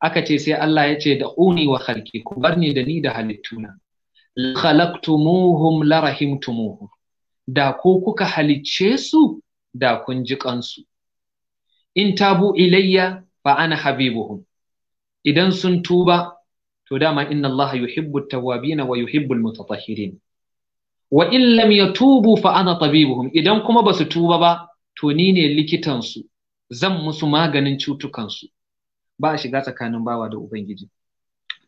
Aka ce sai Allah ya ce da uni wa halki, ku bar ni da ni da halittuna. Khalaktumuhum la rahimtumuhum. Da ko kuka halicce su, da kun ji kansu. In tabu ilayya fa ana habibuhum. Idan sun tuba, to dama inna Allah yuhibbu tawwabina wa yuhibbul mutatahhirin. wa illam ya yatubu fa ana tabibuhum idan kuma basu tuba ba to ni ne likitan su zan musu maganin cutukan su ba a shiga tsakanin bawa da ubangiji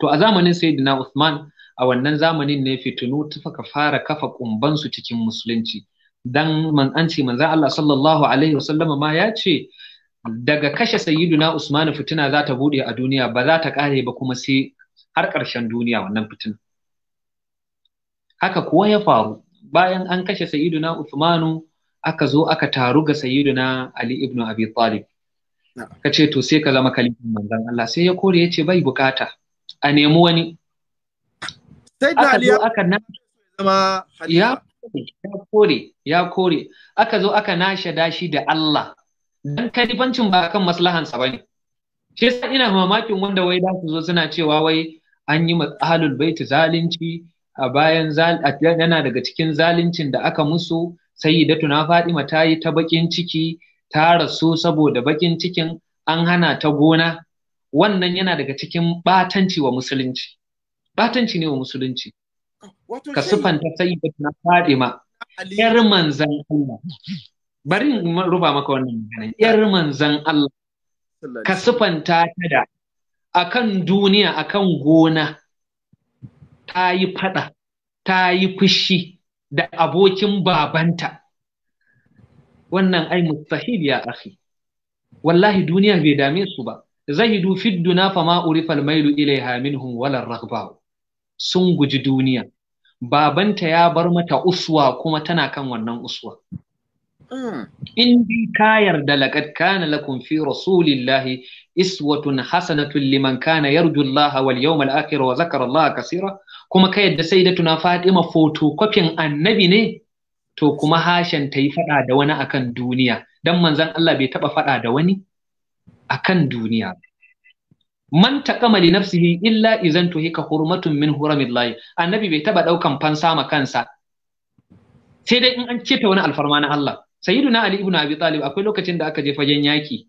to a zamanin sayyidina Uthman a wannan zamanin ne fitinu tafaka fara kafa kumban su cikin musulunci dan man an ce manzo Allah sallallahu alaihi wasallama ma ya ce daga kashe sayyiduna Usman fitina za ta bude a duniya ba za ta kare ba kuma sai har ƙarshen duniya wannan fitina haka kuwa ya faru bayan an kashe sayyiduna Uthmanu aka zo aka taru ga sayyiduna Ali ibn Abi Talib ka ce to sai ka zama kalifin manzon Allah sai ya kore ya ce bai bukata a nemi wani sai da Ali aka na zama ya kore ya kore aka zo aka nashe dashi da Allah dan kalifancin ba kan maslahansa bane shi yasa ina mamakin wanda wai da su zo suna cewa wai an yi mahalul baiti zalunci a bayan yana daga cikin zaluncin da aka musu sayyidatuna Fatima ta yi ta bakin ciki ta rasu saboda bakin cikin an hana ta gona wannan yana daga cikin batanci wa musulunci batanci ne wa musulunci ka sufanta sayyidatuna Fatima yar manzan Allah bari in ruba maka wannan magana yar manzan Allah ka sufanta ta da akan duniya akan gona ta yi faɗa ta yi fushi da abokin babanta wannan ai mustahil ya akhi wallahi duniya bai dame su ba zahidu fid duna fama urifa almailu ilaiha minhum wala raghba sun guji duniya babanta ya bar mata uswa kuma tana kan wannan uswa hmm. in dai ka yarda laqad kana lakum fi rasulillahi iswatun hasanatun liman kana yarju Allah wal yawmal akhir wa zakara Allah kaseera kuma ka yadda sai da tuna Fatima fotokofin annabi ne to kuma hashen ta yi faɗa da wani akan duniya dan manzon Allah bai taɓa faɗa da wani akan duniya man taqama nafsihi illa to hika hurmatun min huramillah annabi bai taɓa ɗaukan fansa ma kansa sai dai in an ce ta wani alfarma na Allah sayyiduna ali ibn abi talib akwai lokacin da aka je fagen yaki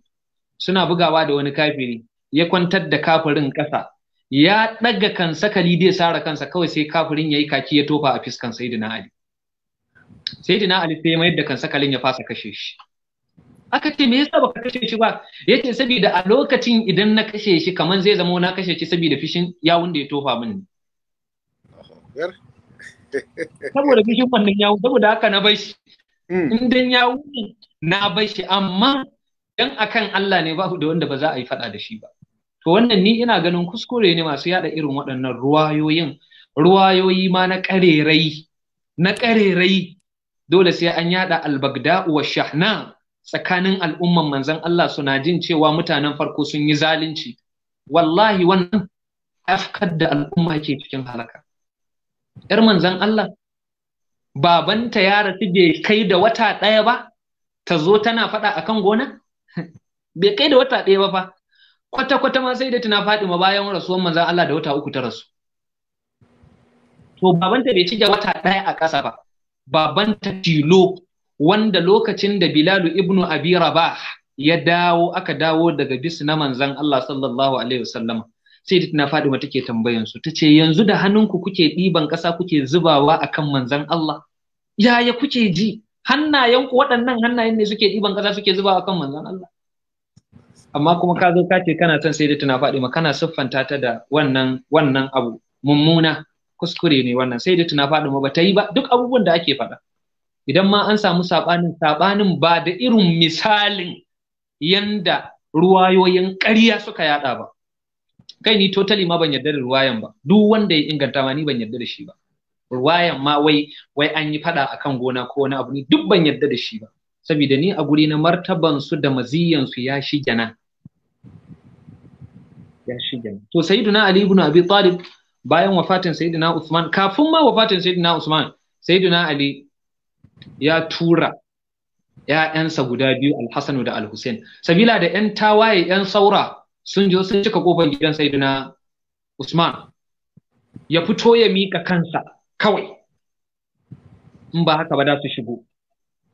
suna bugawa da wani kafiri ya kwantar da kafirin ƙasa ya ɗaga kansa kali dai sara kansa kawai sai kafirin yi kaki ya tofa a fiskan sayyidina ali sayyidina ali sai mayar da kansa kalin ya fasa kashe shi aka ce me yasa baka kashe shi ba yace saboda a lokacin idan na kashe shi kamar zai zama na kashe shi saboda fishin yawun da ya tofa min saboda fishin wannan yawun saboda haka na bar shi hmm. in dan yawun na bar shi amma dan akan Allah ne babu da wanda ba za a yi fada da shi ba to wannan ni ina ganin kuskure ne masu yada irin waɗannan ruwayoyin ruwayoyi ma na ƙarerai na ƙarerai dole sai an yada albagda wa shahna tsakanin al'umman manzon Allah suna jin cewa mutanen farko sun yi zalunci wallahi wannan afkar da al'umma ke cikin halaka yar manzon Allah babanta ya rasu bai kai da wata ɗaya ba ta zo tana faɗa akan gona bai kai da wata ɗaya ba fa kwata-kwata ma sai da tana ma bayan rasuwar manzan Allah da wata uku ta rasu. To babanta bai ci wata ɗaya a ƙasa ba, babanta tilo wanda lokacin da Bilalu ibnu Abi Rabah ya dawo aka dawo daga bis na manzan Allah sallallahu alaihi wasallam sai da tana Fatima take tambayan su tace yanzu da hannunku kuke ɗiban ƙasa kuke zubawa akan manzan Allah yaya kuke ji hannayenku waɗannan hannayen ne suke ɗiban ƙasa suke zubawa akan manzan Allah amma kuma ka zo ka ce kana son sai da tuna ma, kana siffanta ta da wannan wannan abu mummuna kuskure ne wannan sai da tuna ma ba ta yi ba duk abubuwan da ake faɗa idan ma an samu sabanin sabanin ba da irin misalin yanda ruwayoyin ƙarya suka yada ba kai ni totally ma ban yarda da ruwayan ba duk wanda ya inganta ma ni ban yarda da shi ba ruwayan ma wai wai an yi faɗa akan gona ko wani abu ni duk ban yarda da shi ba saboda ni a guri na martaban su da maziyan su ya shige nan ya shige to sayyiduna ali ibn abi talib bayan wafatin sayyiduna usman kafin ma wafatin sayyiduna usman sayyiduna ali ya tura ‘ya'yansa guda biyu al-hasan da al al-husain sabila da ‘yan tawaye ‘yan saura sun je sun cika kofar gidan saiduna usman ya fito ya mika kansa kawai in ba haka ba da su shigo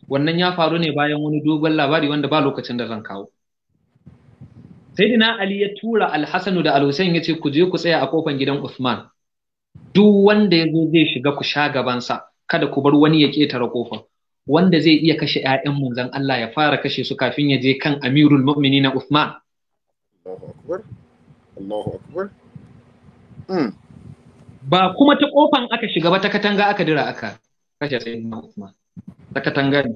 wannan ya faru ne bayan wani dogon labari wanda ba lokacin da zan kawo Sayyidina Ali ya tura al da al ya yace ku je ku tsaya a kofan gidan Usman. Duk wanda ya zo zai shiga ku sha gabansa, kada ku bar wani ya ketare kofan. Wanda zai iya kashe ‘ya'yan manzon Allah ya fara kashe su kafin ya je kan Amirul Mu'minin na Usman. Allahu Akbar. Allahu Akbar. Hmm. Ba kuma ta kofan aka shiga ba ta katanga aka dira aka kashe Sayyidina Usman. Ta katanga ne.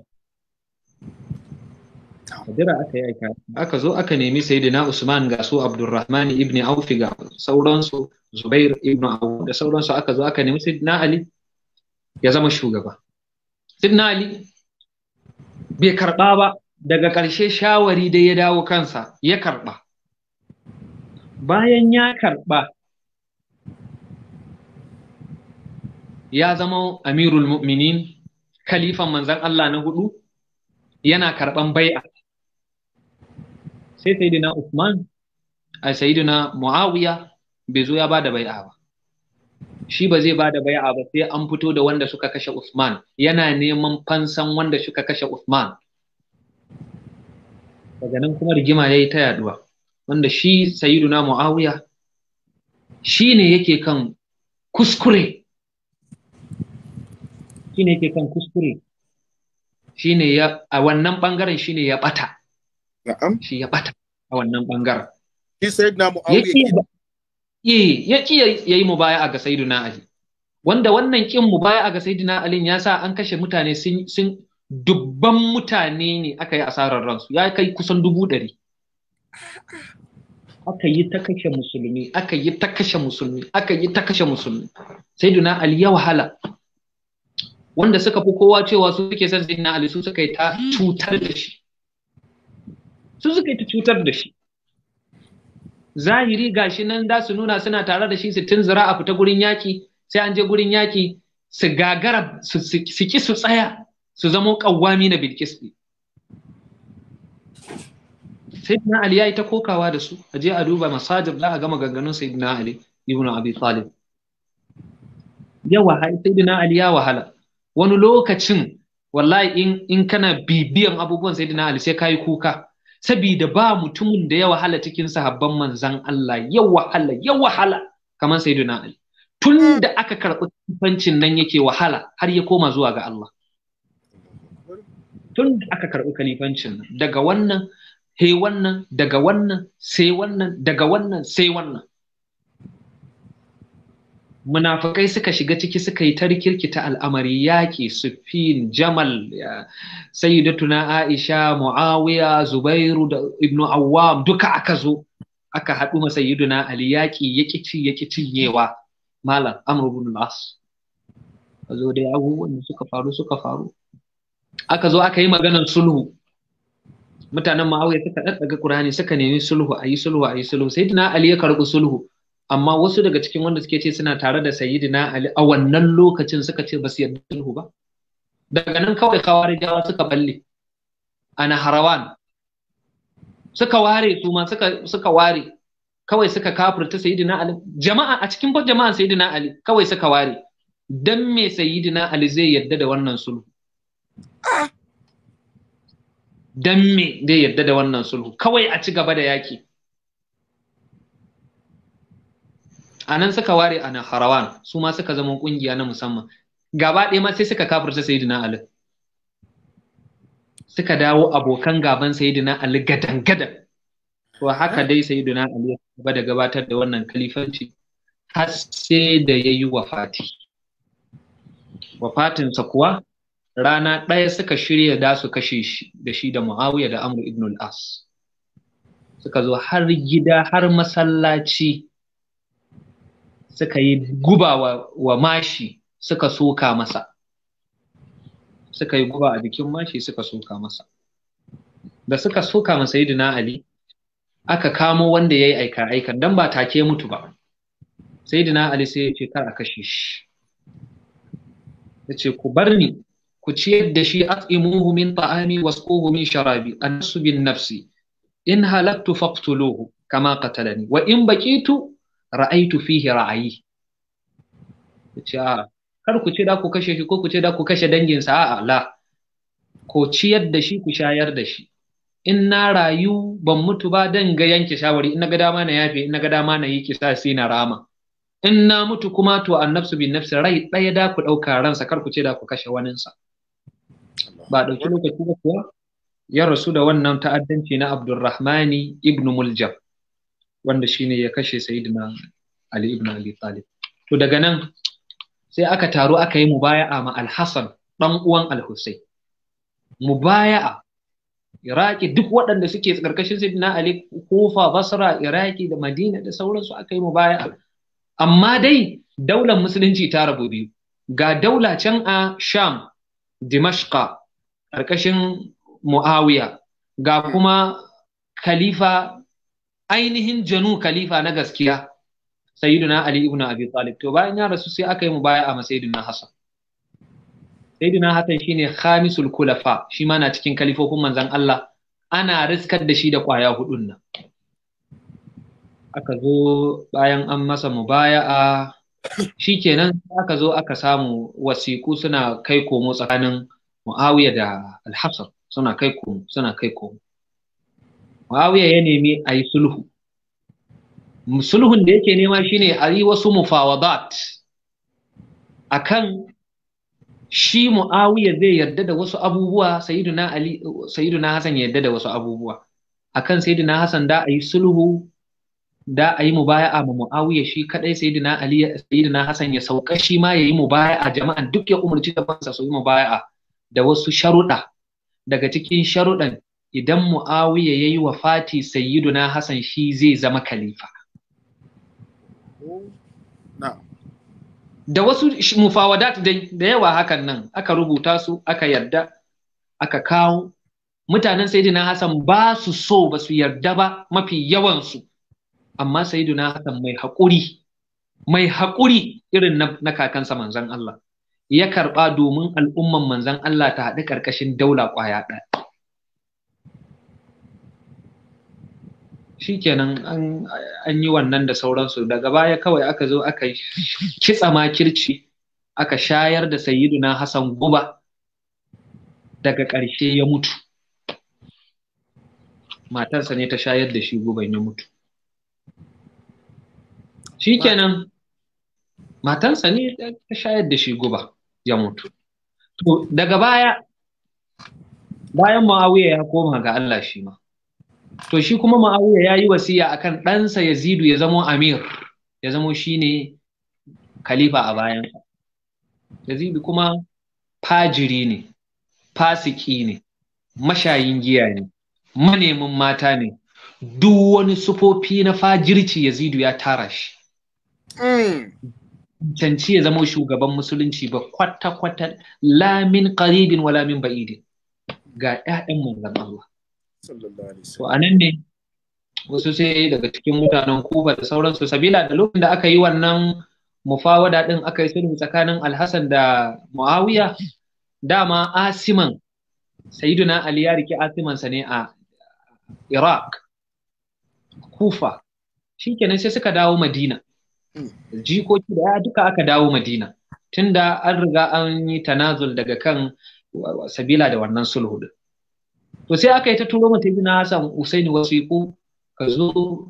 jira aka yi aika aka zo aka nemi sayyidina Usman ga su abdulrahman ibn Aufi ga sauransu Zubair ibn awu da sauransu aka zo aka nemi sayyidina Ali ya zama shugaba sayyidina Ali bai karba ba daga ƙarshe shawari dai ya dawo kansa ya karba bayan ya karba ya zama amirul mu'minin khalifan manzon Allah na hudu yana karban bai'a sai sayyidina Uthman a sayyidina Muawiya bai zo ya bada bai'a ba shi ba zai bada bai'a ba sai an fito da wanda suka kashe Uthman yana neman fansan wanda suka kashe Uthman daga nan kuma rigima yayi ta yaduwa wanda shi sayyiduna Muawiya shi ne yake kan kuskure shi ne yake kan kuskure shi ne ya a wannan bangaren shi ne ya bata Na'am. Shi ya bata a wannan bangaren. Shi Sayyidina Muawiya. Ya ki ya yi mubaya'a ga Sayyidina Ali. Wanda wannan kin mubaya'a ga Sayyidina Ali ya sa an kashe mutane sun sun dubban mutane ne aka yi asarar ransu ya kai kusan dubu ɗari. Aka yi ta kashe musulmi, aka yi ta kashe musulmi, aka yi ta kashe musulmi. Sayyidina Ali ya wahala. Wanda suka fi kowa cewa su suke son Sayyidina Ali su suka yi ta cutar da shi. su suka yi ta cutar da shi zahiri gashi nan da su nuna suna tare da shi su zira a fita gurin yaki sai an je gurin yaki su gagara su ki su tsaya su zamo kawwami na bilkis ne sayyidina ali yayi ta kokawa da su a je a duba masajib za a gama ganganun sayyidina ali ibn abi talib ya wahala sayyidina ali ya wahala wani lokacin wallahi in in kana bibiyan abubuwan sayyidina ali sai kayi kuka sabida ba mutumin da ya wahala cikin sahabban manzan Allah ya wahala ya wahala kamar sayyidina Ali tun da aka karɓi khilafancin nan yake wahala har ya koma zuwa ga Allah tun da aka karɓi kalifancin nan daga wannan he wannan daga wannan sai wannan daga wannan sai wannan munafukai suka shiga ciki suka yi tarkirkita al'amari yaƙi sufin jamal na aisha muawiya zubairu da ibnu awwam duka aka zo aka haɗu ma na ali yaƙi ya ƙici ya cinyewa malam amr ibn al-as zo dai abubuwan da suka faru suka faru aka zo aka yi maganar sulhu mutanen muawiya suka ɗaɗɗaga ƙur'ani suka nemi sulhu a yi sulhu a yi sulhu sai ali ya karɓi sulhu amma wasu daga cikin wanda suke ce suna tare da sayyidina ali a wannan lokacin suka ce ba su yarda sulhu ba daga nan kawai kawarijawa suka balle a naharawan suka ware su ma suka suka ware kawai suka kafirta sayyidina ali jama'a a cikin jama'an sayyidina ali kawai suka ware dan me sayyidina ali zai yarda da wannan sulhu dan me zai yarda da wannan sulhu kawai a ci gaba da yaki a nan suka ware a nan harawan su ma suka zama kungiya na musamman gaba ɗaya ma sai suka kafirta sayidina ali suka dawo abokan gaban sayidina ali gadan gadan to haka dai sayidina ali ya da gabatar da wannan kalifanci har sai da ya yayi wafati wafatinsa kuwa rana ɗaya suka shirya da su kashe shi da shi da Muawiya da amru ibn al-As suka zo har gida har masallaci suka yi guba wa, wa mashi suka soka masa suka yi guba a jikin mashi suka soka masa da suka soka masa ali aka kamo wanda ya yi aika aikan don ba take mutu ba sayyidina ali sai ya ce kar a kashe shi ya ce ku bar ni ku ciyar da shi at'imuhu min ta'ami wasquhu min sharabi annasu bin nafsi in halattu faqtuluhu kama katalani wa in tu? ra'aitu fihi ra'ayi ce a kar ku ce da ku kashe shi ko ku ce da ku kashe danginsa a la ko ciyar da shi ku shayar da shi in na rayu ban mutu ba dan ga yanke shawari in na ga dama na yafe in na ga dama na yi kisasi na rama in na mutu kuma to annafsu bin nafsi rai ɗaya da ku ɗauka ransa kar ku ce da ku kashe waninsa ba ɗauki lokaci ba kuwa ya rasu da wannan ta'addanci na Abdulrahmani ibn Muljab wanda shine ya kashe sayyidina Ali ibn Abi Talib to daga nan sai aka taru aka yi mubaya'a ma Al-Hasan dan uwan Al-Husayn mubaya'a Iraki duk waɗanda suke karkashin sayyidina Ali Kufa Basra Iraki da Madina da sauransu aka yi mubaya'a amma dai daular musulunci ta rabu biyu ga daula can a Sham Dimashqa karkashin Muawiya ga kuma khalifa ainihin janu khalifa na gaskiya sayyiduna ali ibn abi talib to bayan ya rasu sai aka yi mubaya'a ma sayyiduna hasan sayyiduna hasan shine khamisul kulafa shi ma na cikin kalifofin manzon Allah ana riskar da shi da kwaya hudun nan aka zo bayan an masa mubaya'a shikenan aka zo aka samu wasiku suna kai komo tsakanin muawiya da al suna kai komo suna kai komo Muawiya ya nemi a yi sulhu sulhun da yake nema shine a yi wasu mufawadat kan shi Muawiya zai yarda da wasu abubuwa Sayyiduna na Hassan ya yarda da wasu abubuwa A akan na Hassan da a yi sulhu da a yi mubaya'a ma Muawiya shi kadai Sayyiduna Ali Hassan ya sauka shi ma ya yayi mubaya'a jama'an duk ya umarci da fansa su yi mubaya'a da wasu sharuɗa daga cikin sharuɗan idan mu'awiya ya yi wa fati sayyiduna hassan shi zai zama kalifa. da wasu mufawadat da yawa hakan nan aka rubuta su aka yarda aka kawo mutanen na hassan ba su so ba su yarda ba mafi yawansu amma na hassan mai haƙuri mai haƙuri irin na kakansa manzan Allah ya karɓa domin al'umman manzan Allah ta haɗu ƙarƙashin daula ƙwaya ɗaya shikenan an an yi wannan da sauransu daga baya kawai aka zo aka kitsa makirci aka shayar da sayyiduna Hassan guba daga ƙarshe ya mutu matarsa ne ta shayar da shi guban ya mutu shikenan matarsa ne ta shayar da shi guba ya mutu to daga baya bayan Muawiya ya koma ga Allah shi ma to shi kuma ma'awiya ya yi wasiya akan ɗansa yazidu ya zamo amir ya zamo shine khalifa a bayan yazidu kuma fajiri ne fasiki ne mashayin giya ne manemin mata ne duk wani sufofi na fajirci yazidu ya tara shi mm. canci ya zama shugaban musulunci ba kwata-kwata lamin karibin wa lamin ba'idin ga 'ya'yan manzon Allah to anan ne wasu sai daga cikin mutanen kuba da sauransu sabila da lokacin da aka yi wannan mufawada din aka yi sulhu tsakanin alhassan da muawiya dama asiman sayyiduna ali ya riki asiman sa ne a iraq kufa shikenan sai suka dawo madina hmm. jikoki da ya duka aka dawo madina tunda an riga an yi tanazul daga kan sabila da wannan sulhu din to sai aka yi ta turo mata na Hassan Usaini wasiku ka zo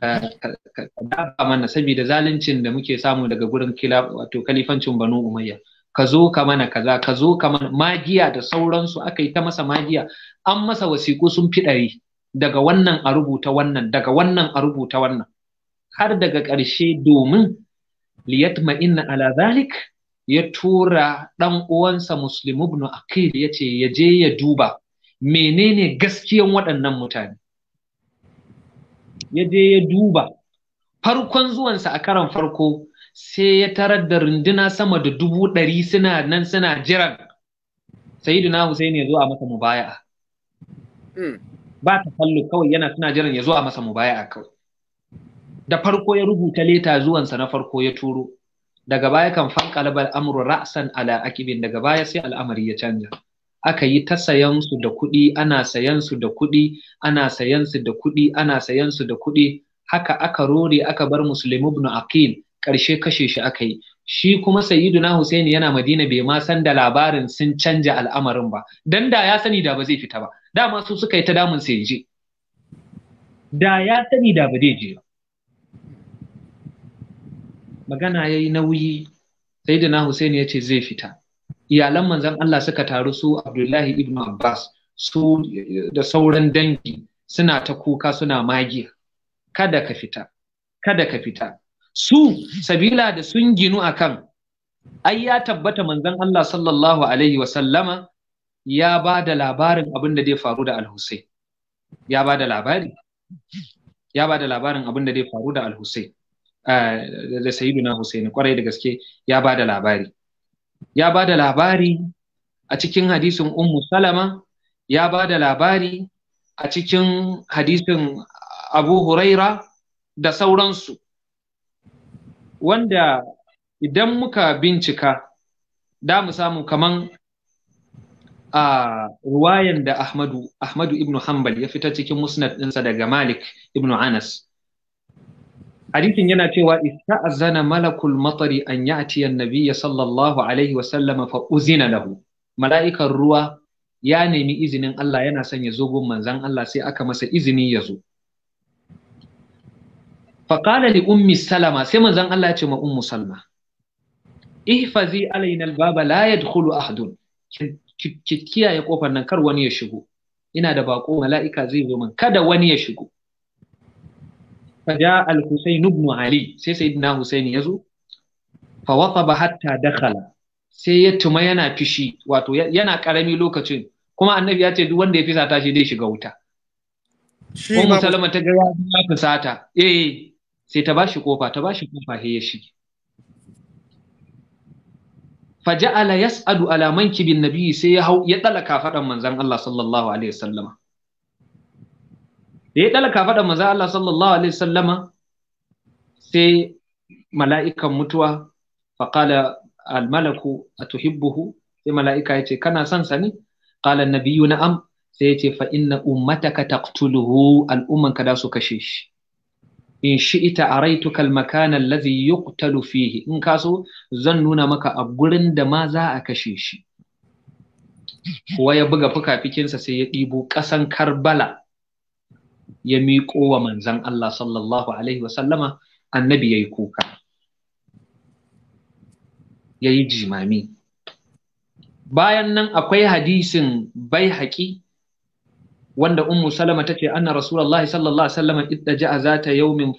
ka daba mana saboda zaluncin da muke samu daga gurin kila wato kalifancin Banu Umayya ka zo ka mana kaza ka zo ka mana magiya da sauransu aka yi ta masa magiya an masa wasiku sun fi ɗari daga wannan a rubuta wannan daga wannan a rubuta wannan har daga ƙarshe domin liyatma inna ala zalik ya tura ɗan uwansa muslim ibn aqil ya ce ya je ya duba menene gaskiyan waɗannan mutane ya je ya duba farkon zuwansa a karan farko sai ya tarar da runduna sama da dubu ɗari suna nan suna jiran sayyiduna Hussein ya zo a masa mubaya'a hmm. ba ta fallo kawai yana suna jiran ya zo a masa mubaya'a kawai da farko ya rubuta leta zuwansa na farko ya turo daga baya kan fan amru ra'san ala akibin daga baya sai al'amari ya canja aka yi ta sayan su da kuɗi ana sayan su da kuɗi ana sayan su da kuɗi ana sayan su da kuɗi haka aka rore aka bar musulmi ibn Aqil karshe kashe shi aka yi shi kuma Sayyiduna Husaini yana Madina bai ma san da labarin sun canja al'amarin ba dan da ya sani da ba zai fita ba dama su suka yi ta damun sai je da ya sani da ba zai je ba magana yayi nauyi Sayyiduna Husaini ya ce zai fita iyalan manzan Allah suka taru su Abdullahi ibn Abbas su da sauran dangi suna ta kuka suna magiya kada ka fita kada ka fita su sabila da sun ginu akan ai ya tabbata manzan Allah sallallahu alaihi wa sallama ya ba da labarin abin da zai faru da Al-Husayn ya ba da labari ya ba da labarin abin da zai faru da Al-Husayn eh, da Sayyiduna Husayn kwarai da gaske ya ba da labari ya ba da labari a cikin hadisin ummu salama ya ba da labari a cikin hadisin abu huraira da sauransu wanda idan muka bincika da mu samu kaman a ruwayan da ahmadu ahmadu ibnu hanbal ya fita cikin musnad ɗinsa daga malik ibnu anas hadisin yana cewa ista'azana malakul matari an ya'ti annabiyya sallallahu alaihi wasallam fa uzina lahu mala'ikan ruwa ya nemi izinin Allah yana son ya zo gun manzon Allah sai aka masa izini ya zo fa qala li ummi salama sai manzon Allah ya ce ma ummu salma ihfazi alaina albaba la yadkhulu ahadun ki kiyaye kofar nan kar wani ya shigo ina da bako mala'ika zai zo min kada wani ya shigo فجاء الحسين بن علي سي سيدنا حسين يزو فوقب حتى دخل sai ya tuma yana fishi wato yana karami lokacin kuma annabi ya ce duk wanda ya ta shi zai shiga wuta ko salama ta ga ya sata, eh sai ta bashi kofa ta bashi kofa sai ya shige faja'ala yas'adu ala bin nabiyyi sai ya hau ya dalaka fadan manzon Allah sallallahu alaihi wasallama da ya dalaka faɗa maza Allah sallallahu alaihi sallama sai mala'ikan mutuwa faƙala almalaku a tuhibbuhu sai mala'ika ya ce kana son sa ne ƙalan nabiyu na'am sai ya ce fa inna ka taqtuluhu al'umman da su kashe shi in shi ita a al-makana lazi yuqtalu fihi in ka so zan nuna maka a gurin da ma za a kashe shi kuwa ya buga fukafikinsa sai ya ɗibo ƙasan karbala ya miƙo wa manzan Allah sallallahu alaihi wasallama annabi ya yi kuka ya yi jimami bayan nan akwai hadisin bai haƙi wanda ummu salama ta ce anna Rasulallah sallallahu alaihi ja'a za wasallam iddaja zata yawmin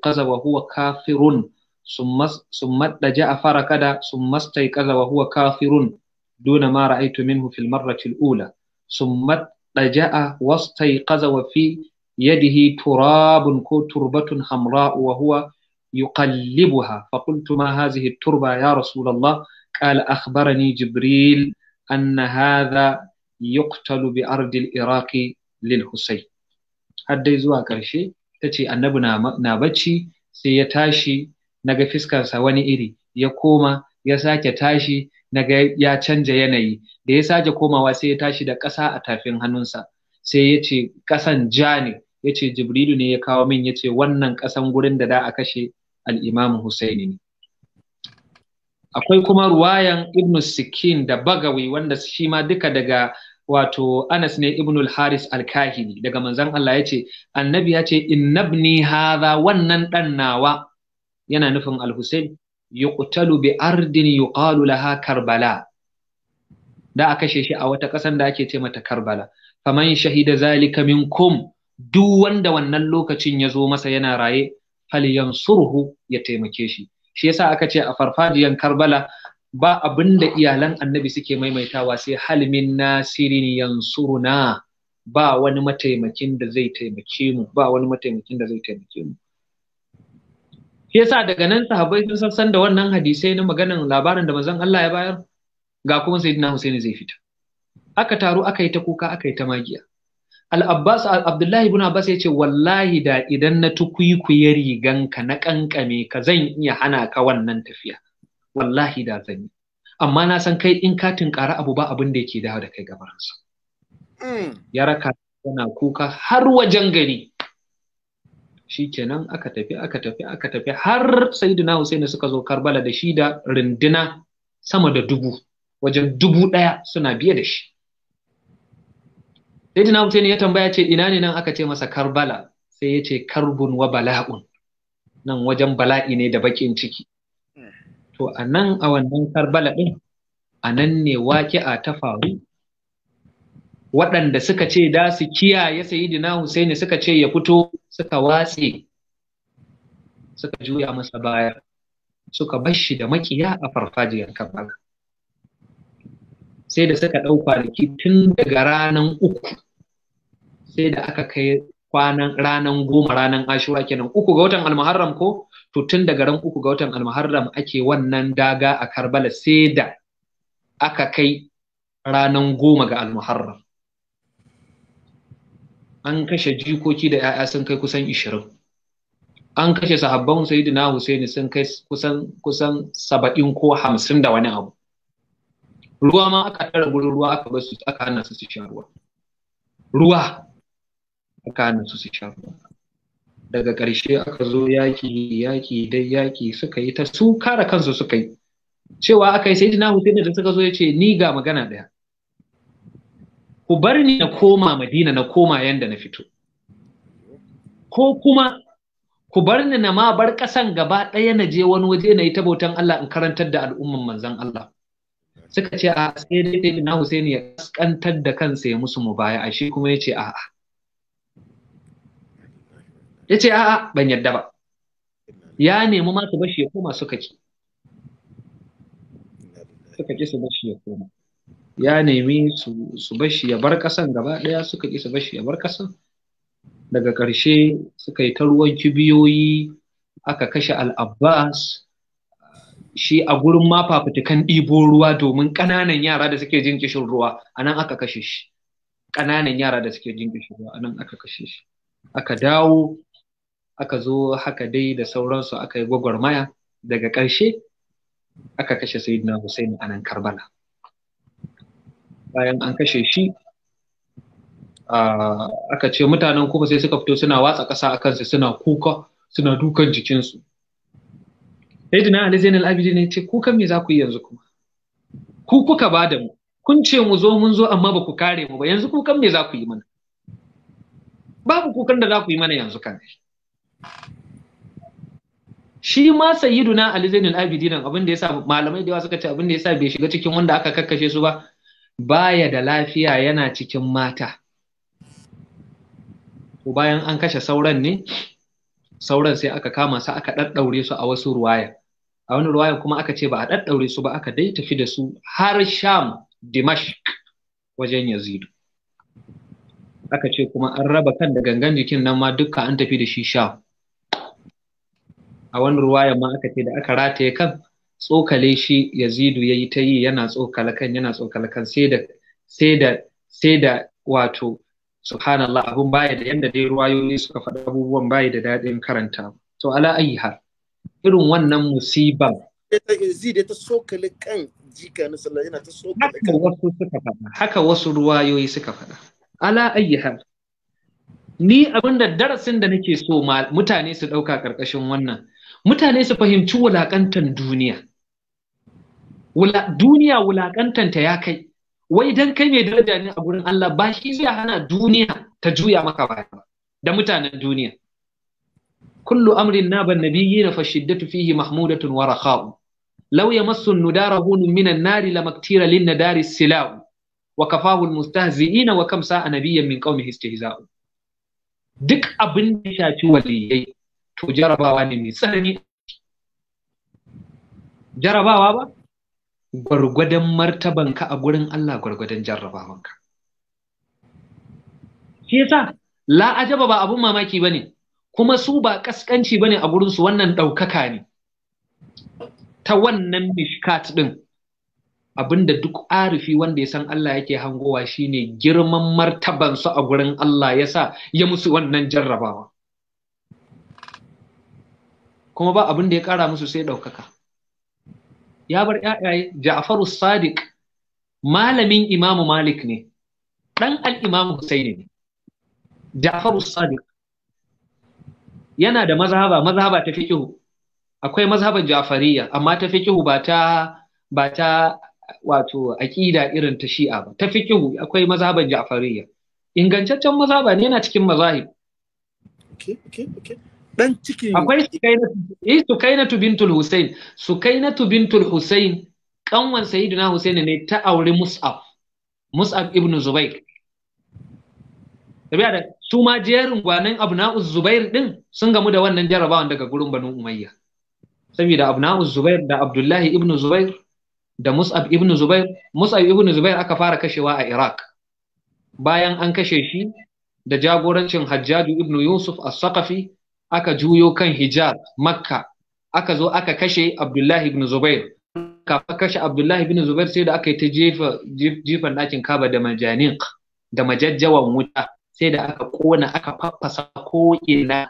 kaza wa huwa kafirun sun sun ja'a fara kada ثم ادجع فركد ثم استيقظ وهو كافر دون ما رأيت منه في المرة الأولى ثم kaza wa وفي yadihi turabun ko turbatun hamra wa huwa yuqallibuha fa qultu turba ya rasulullah qala akhbarani jibril anna hadha yuqtalu bi ardi al-iraqi lil husayn har dai zuwa karshe tace annabi na bacci sai ya tashi naga fiskarsa wani iri ya koma ya sake tashi ya canza yanayi da ya sake komawa sai ya tashi da ƙasa a tafin hannunsa sai yace ce ƙasan ja ne yace jibrilu ne ya kawo min yace wannan ƙasan gurin da da a kashe al Hussaini. husaini ne akwai kuma ruwayan ibn sikin da bagawi wanda shi ma duka daga wato anas ne ibn haris al daga manzon Allah ya yace annabi yace innabni haza wannan dan nawa yana nufin al-husain yuqtalu bi ardin yuqalu laha karbala da aka kashe shi a wata ƙasar da ake ce mata karbala faman shahida zalika minkum duk wanda wannan lokacin ya zo masa yana raye fal yansurhu ya taimake shi shi yasa aka ce a farfajiyan Karbala ba abinda iyalan annabi suke maimaitawa sai halmin nasirin yansuruna ba wani mataimakin da zai taimake mu ba wani mataimakin da zai taimake mu yasa daga nan sahabbai sun sassan da wannan hadisai na maganan labarin da manzon Allah ya bayar ga kuma sayyidina Husaini zai fita aka taru aka yi ta kuka aka yi ta magiya al-abbas abdullahi ibn abbas ya ce wallahi da idan na tukuikuye riganka na kankame ka zan iya hana ka wannan tafiya wallahi da zan yi amma na san kai in ka tunkara abu ba abin da yake dawo da kai gabaransa hmm. ya raka yana kuka har wajen gari shikenan aka tafi aka tafi aka tafi har sayyidina Hussein suka zo Karbala da shi da rinduna sama da dubu wajen dubu ɗaya suna biye da shi sai Hussein ya tambaya ce ina ne nan aka ce masa karbala sai ya ce karbun wa bala'un nan wajen bala'i ne da bakin ciki to a nan a wannan karbala ɗin a nan ne a ta faru waɗanda suka ce da su kiyaye dina Husaini suka ce ya fito suka watse suka juya masa baya suka bar shi da makiya a farfajiyar karbala sai da suka ɗau kwanaki tun daga ranan uku sai da aka kai kwanan ranan goma ranan ashura kenan uku ga watan almuharram ko to tun daga ran uku ga watan almuharram ake wannan daga a karbala sai da aka kai ranan goma ga almuharram an kashe jikoki da 'ya'ya sun kai kusan ishirin an kashe sahabban sayyidina Husaini sun kai kusan kusan saba'in ko hamsin da wani abu ruwa ma aka tara gurin ruwa aka bar su aka hana su su sha ruwa ruwa aka hana su su sha ruwa daga ƙarshe aka zo yaƙi yaƙi dai yaƙi suka yi ta su kara kansu suka yi cewa aka yi sai na hussein da suka zo ya ce ni ga magana ɗaya ku bar ni na koma madina na koma yanda na fito ko kuma ku bar ni na ma bar ƙasan gaba ɗaya na je wani waje na yi ta bautan Allah in karantar da al'umman manzon Allah suka ce a sai dai sai na Hussein ya kaskantar da kansa ya musu mu a shi kuma ya ce a'a ya ce a'a ban yadda ba ya nemi ma su bashi ya koma suka ki suka ki su bashi ya koma ya nemi su bashi ya bar kasan gaba daya suka ki su bashi ya bar kasan daga ƙarshe suka yi ta ruwan kibiyoyi aka kashe al-abbas shi a gurin ma fafutukan ɗibo ruwa domin ƙananan yara da suke jin kishin ruwa a nan aka kashe shi ƙananan yara da suke jin kishin ruwa a nan aka kashe shi aka dawo aka zo haka dai da sauransu aka yi gwagwarmaya daga ƙarshe aka kashe sayyidina Hussein a nan Karbala bayan an kashe shi aka ce mutanen kuma sai suka fito suna watsa ƙasa a kansu suna kuka suna dukan jikinsu dina ali zainal abidin ya ce ku kan me za ku yi yanzu kuma ku kuka ba da mu kun ce mu zo mun zo amma ba ku kare mu ba yanzu ku kan me za ku yi mana babu kukan da za ku yi mana yanzu kan shi ma sayyiduna ali zainal abidin abin da yasa malamai da yawa suka ce abin da yasa bai shiga cikin wanda aka kakkashe su ba baya da lafiya yana cikin mata bayan an kashe sauran ne sauran sai aka kama su aka ɗaɗɗaure su a wasu ruwayan a wani ruwayan kuma aka ce ba a ɗaɗɗaure su ba aka dai tafi da su har sham dimashq wajen yazidu aka ce kuma an raba kan da gangan jikin nan ma dukka an tafi da shi sham a wani ruwayan ma aka ce da aka rataye kan tsokale shi yazidu ya yi ta yi yana tsokale kan yana tsokale kan sai da sai da sai da wato subhanallah abun baya da yanda dai ruwayoyi suka faɗi abubuwan baya da daɗin karanta to ala ayi irin wannan musibar zai ta kan jika na sallah yana wasu suka faɗa haka wasu ruwayoyi suka faɗa ala ayyuhal ni abin da darasin da nake so mutane su ɗauka ƙarƙashin wannan mutane su fahimci wulaƙantan duniya duniya ta ya kai wai dan kai mai daraja ne a gurin Allah ba shi zai hana duniya ta juya maka baya da mutanen duniya kullu amrin naba nabiyyin fa shiddatu fihi mahmudatun wa rakha'u law yamassu an-nudara hunun minan nari lamaktira lin-nadari sila'u wa kafahu al-mustahzi'ina wa kam sa'a nabiyyan min qaumihi istihza'u duk abin da ya shafi waliyai to jarabawa ne mai tsanani jarabawa ba gwargwadon martabanka a gurin Allah gwargwadon jarrabawanka shi yasa la ba abin mamaki bane kuma su ba kaskanci bane a gurin su wannan ɗaukaka ne ta wannan mishkat din abinda duk arifi wanda ya san Allah yake hangowa shine girman martaban su a gurin Allah yasa ya musu wannan jarrabawa kuma ba abin da ya kara musu sai ɗaukaka ya bar ‘ya'yaye Ja'faru Sadiq malamin imam Malik ne dan al imam Husaini ne Ja'faru Sadiq yana da mazhaba mazhaba ta fiqhu akwai mazhaban ja'fariyya amma ta fiqhu ba ta ba ta wato aqida irin ta shi'a ba ta fiqhu akwai mazhaban ja'fariyya ingantaccen mazhaba ne yana cikin mazahib okay okay okay dan ciki akwai sukainatu eh sukainatu bintul husain sukainatu bintul husain kanwan sayyidina husain ne ta aure mus'ab mus'ab ibnu zubayr tabi da su ma jerin gwanin abna'u zubair din sun gamu da wannan jarabawan daga gurin banu umayya saboda abna'u zubair da abdullahi ibnu zubair da mus'ab ibnu zubair mus'ab ibnu zubair aka fara kashewa a iraq bayan an kashe shi da jagorancin hajjaju ibnu yusuf as-saqafi aka juyo kan hijaz makka aka zo aka kashe abdullahi ibnu zubair Kafa kashe abdullahi ibnu zubair sai da aka yi ta jefa jifan ɗakin kaba da majaniq da majajjawan wuta sai da aka kona aka faffasa ko ina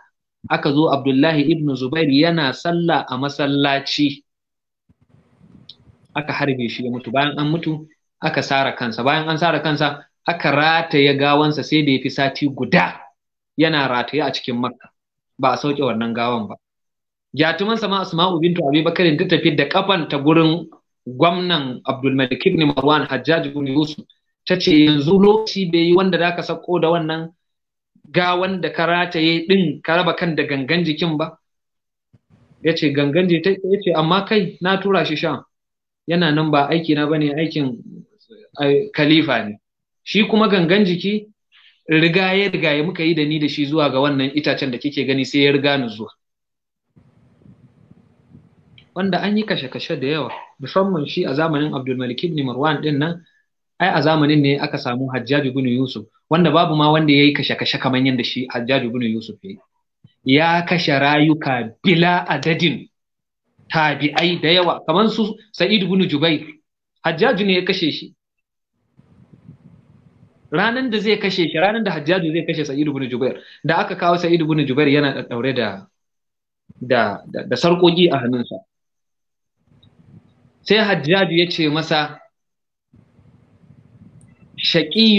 aka zo Abdullahi ibn Zubair yana sallah a masallaci aka harbe shi ya mutu bayan an mutu aka sara kansa bayan an sara kansa aka rataye gawansa sai da ya fi sati guda yana rataye a cikin makka ba a sauke wannan gawan ba jatumansa sama asma'u bintu abi bakarin ta tafi da ta gurin gwamnan abdulmalik ibn marwan hajjaj ibn yusuf ta ce yanzu lokaci bai yi wanda zaka sako da wannan gawan da ka rataye din ka raba kan da gangan jikin ba ya ce gangan jikin ya ce amma kai na tura shi shan yana nan ba aiki na bane aikin kalifa ne shi kuma gangan jiki riga ya riga ya muka yi da ni da shi zuwa ga wannan itacen da kike gani sai ya riga ni zuwa wanda an yi kashe-kashe da yawa musamman shi a zamanin abdulmalik ibn marwan din nan ai a zamanin ne aka samu Hajjaj ibn Yusuf wanda babu ma wanda yayi kashe-kashe kaman yanda shi Hajjaj ibn Yusuf yayi ya kashe rayuka bila adadin tabi'ai da yawa kaman su Sa'id ibn Jubair Hajjaj ne ya kashe shi ranan da zai kashe shi ranan da Hajjaj zai kashe Sa'id ibn Jubair da aka kawo Sa'id ibn Jubair yana daure da da da, da sarkoki a hannunsa sai Hajjaj ya ce masa Shaƙi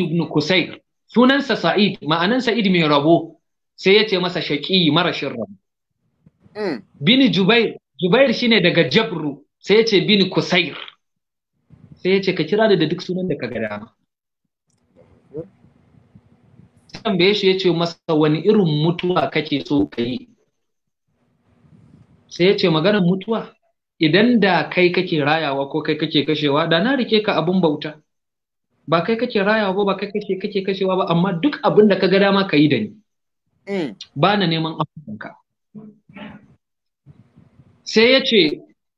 ibn Kusair. Sunansa Sa'id, ma'anan Sa'id mai rabo, sai ya ce masa shaƙi marashin rabo. Hmm. Bini Jubair, Jubair shine daga Jabru, sai ya ce bini Kusair. Sai ya ce ka kira da duk sunan da ka ga dama. tambaye shi ya ce masa wani irin mutuwa kake so ka yi sai ya ce maganar mutuwa idan da kai kake rayawa ko kai kake kashewa da na rike ka abun bauta ba kai kake rayawa ba ba kai kake kake kashewa ba amma duk abin da ka ga dama ka yi da ni mm. ba na neman afuwanka sai ya ce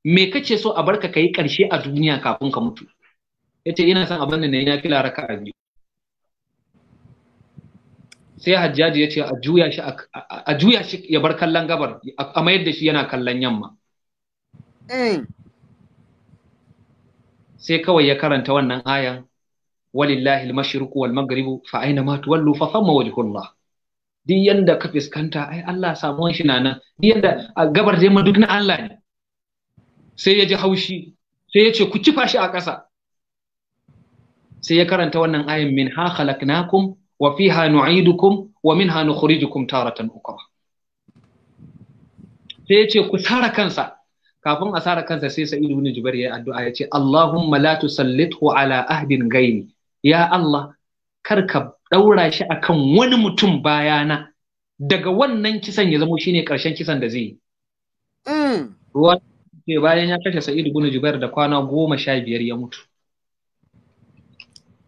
me kace so a barka ka yi karshe a duniya kafin ka mutu ya ce ina son abin da na yi na fila raka a biyu sai hajjaji ya ce a juya shi ya bar kallon gabar a mayar da shi yana kallon yamma Mm. sai kawai ya karanta wannan ayan walillahi al-mashriqu wal maghribu fa aina ma tuwallu fa thamma wajhullah duk yanda ka fiskanta ai Allah samuwan shi na nan duk yanda a gabar dai duk na Allah ne sai ya ji haushi sai ya ce ku kifa shi a ƙasa sai ya karanta wannan ayan min ha khalaqnakum wa fiha nu'idukum wa minha nukhrijukum taratan ukra sai ya ce ku sara kansa kafin a sara kansa sai sa'id ne jubar ya addu'a ya ce Allahumma la tusallithu ala ahdin gaini ya Allah kar ka daura shi a kan wani mutum bayana daga wannan kisan ya zamo shine karshen kisan da zai yi mm. ruwa ke bayan ya kashe sa'id ibn jubair da kwana goma sha biyar ya mutu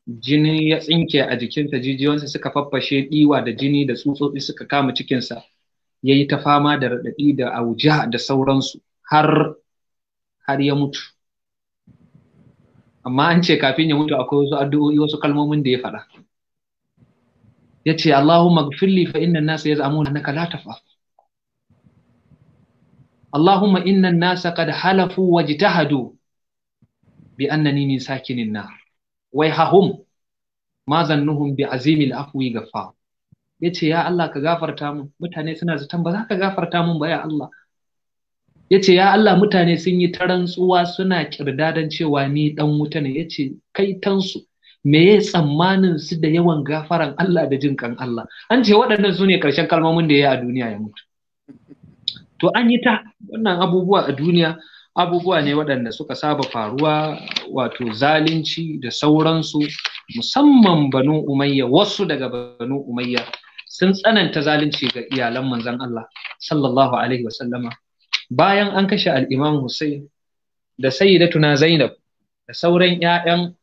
jini ya tsinke a jikinsa jijiyonsa suka faffashe diwa da jini da tsutsotsi suka kama cikinsa ya yi ta fama da raɗaɗi da auja da sauransu har har ya mutu amma an ce kafin ya mutu akwai wasu addu'o'i wasu kalmomin da ya faɗa Ya yace Allahumma gfirli fa inna an-nasa yaz'amuna annaka la taf'al Allahumma inna an-nasa qad halafu wajtahadu bi annani min sakinin nar wai hahum ma zannuhum bi azimil afwi gaffar yace ya Allah ka gafarta mun mutane suna zaton ba za ka gafarta mun ba ya Allah ya ce ya Allah mutane sun yi ta rantsuwa suna kirdadan cewa ni dan wuta ne ya ce kai tansu me ya tsammanin su da yawan gafaran Allah da jinkan Allah an ce waɗannan su ne ƙarshen kalmomin da ya a duniya ya mutu to an yi ta wannan abubuwa a duniya abubuwa ne waɗanda suka saba faruwa wato zalunci da sauransu musamman banu umayya wasu daga banu umayya sun tsananta zalunci ga iyalan manzon Allah sallallahu alaihi wasallama bayan an kashe al'imam Hussein da sayyidatuna Zainab da sauran ‘ya'yan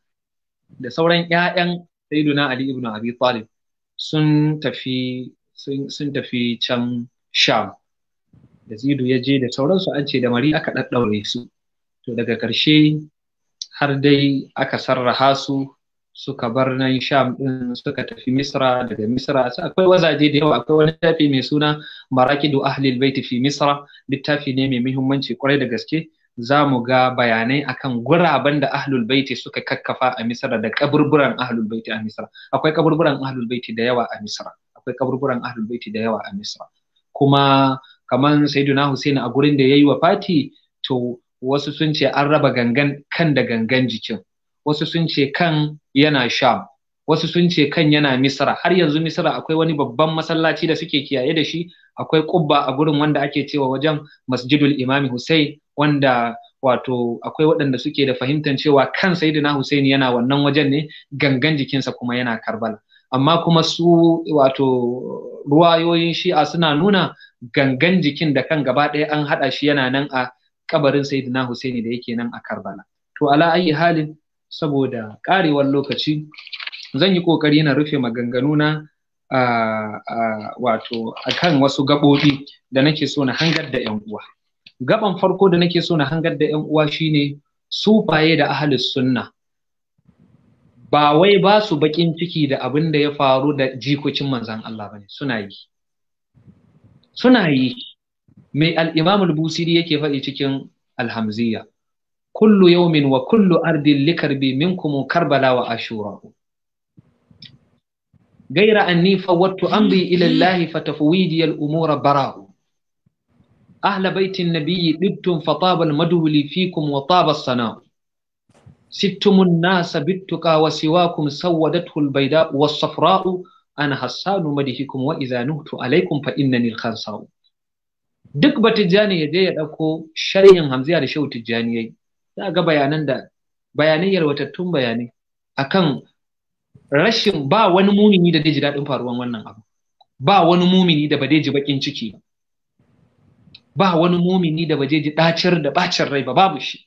da sauran ‘ya'yan sayyiduna Ali ibn Abi Talib sun tafi sun tafi can Sham da Zidu ya je da sauransu an ce da mari aka ɗaɗɗaure su to daga ƙarshe har dai aka sarraha su suka bar nan sham din suka tafi misra daga misra akwai wazaje da yawa akwai wani tafi mai suna marakidu ahlil baiti fi misra littafi ne mai muhimmanci kwarai da gaske za mu ga bayanai akan guraben da ahlul baiti suka kakkafa a misra da kaburburan ahlul baiti a misra akwai kaburburan ahlul baiti da yawa a misra akwai kaburburan ahlul baiti da yawa a misra kuma kaman sayyiduna husaini a gurin da yayi wa fati to wasu sun ce an raba gangan kan da gangan jikin wasu sun ce kan yana sham wasu sun ce kan yana misra har yanzu misra akwai wani babban masallaci da suke kiyaye da shi akwai kubba a gurin wanda ake cewa wajen masjidul imami husai wanda wato akwai waɗanda suke da fahimtar cewa kan sayyidina husaini yana wannan wajen ne gangan jikinsa kuma yana karbala amma kuma su wato ruwayoyin shi'a suna nuna gangan jikin da kan gaba ɗaya an haɗa shi yana nan a kabarin sayyidina husaini da yake nan a karbala to ala ayi halin saboda ƙarewar lokaci zan yi ƙoƙari na rufe maganganuna a wato akan wasu gaɓoɓi da nake so na hangar da yan uwa gaban farko da nake so na hangar da yan uwa shine sufaye da ahlus sunna ba wai ba su bakin ciki da abin da ya faru da jikocin manzan Allah bane suna yi suna yi mai al-Imam al-Busiri yake faɗi cikin alhamziya kullu yawmin wa kullu ardin likarbi minkum karbala wa ashura غير أني فوضت أمري إلى الله فتفويدي الأمور براء أهل بيت النبي لبتم فطاب المدو لي فيكم وطاب الصناء ستم الناس بالتقى وسواكم سودته البيداء والصفراء أنا حسان مدهكم وإذا نهت عليكم فإنني الخنصاء duk ba tijjani ya je ya ɗauko sharhin hamziya da shehu tijjani yayi za a ga bayanan da bayanai yalwatattun bayanai akan rashin ba wani mumini da zai ji daɗin faruwan wannan abu ba wani mumini da ba zai ji bakin ciki ba wani mumini da ba zai ji ɗacir da ɓacin rai ba babu shi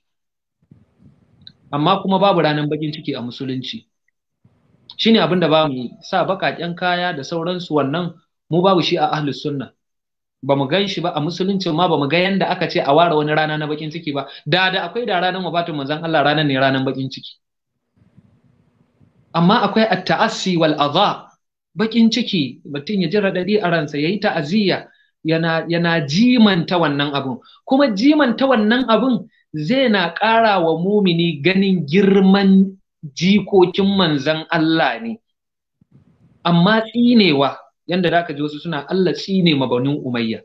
amma kuma babu ranar bakin ciki a musulunci shine abin da ba mu yi sa baƙaƙen kaya da sauransu wannan mu babu shi a ahlus sunna ba mu gan shi ba a musulunci ma ba mu ga yanda aka ce a ware wani rana na bakin ciki ba da da akwai da ranar wabatun manzon Allah ranar ne ranar bakin ciki amma akwai at-ta'assi wal adha bakin ciki mutum ya ji radadi a ransa yayi ta'aziyya yana yana jimanta wannan abun kuma jimanta wannan abun zai na ƙara wa mumini ganin girman jikokin manzon Allah ne amma tsinewa yanda zaka ji wasu suna Allah tsine ma banu umayya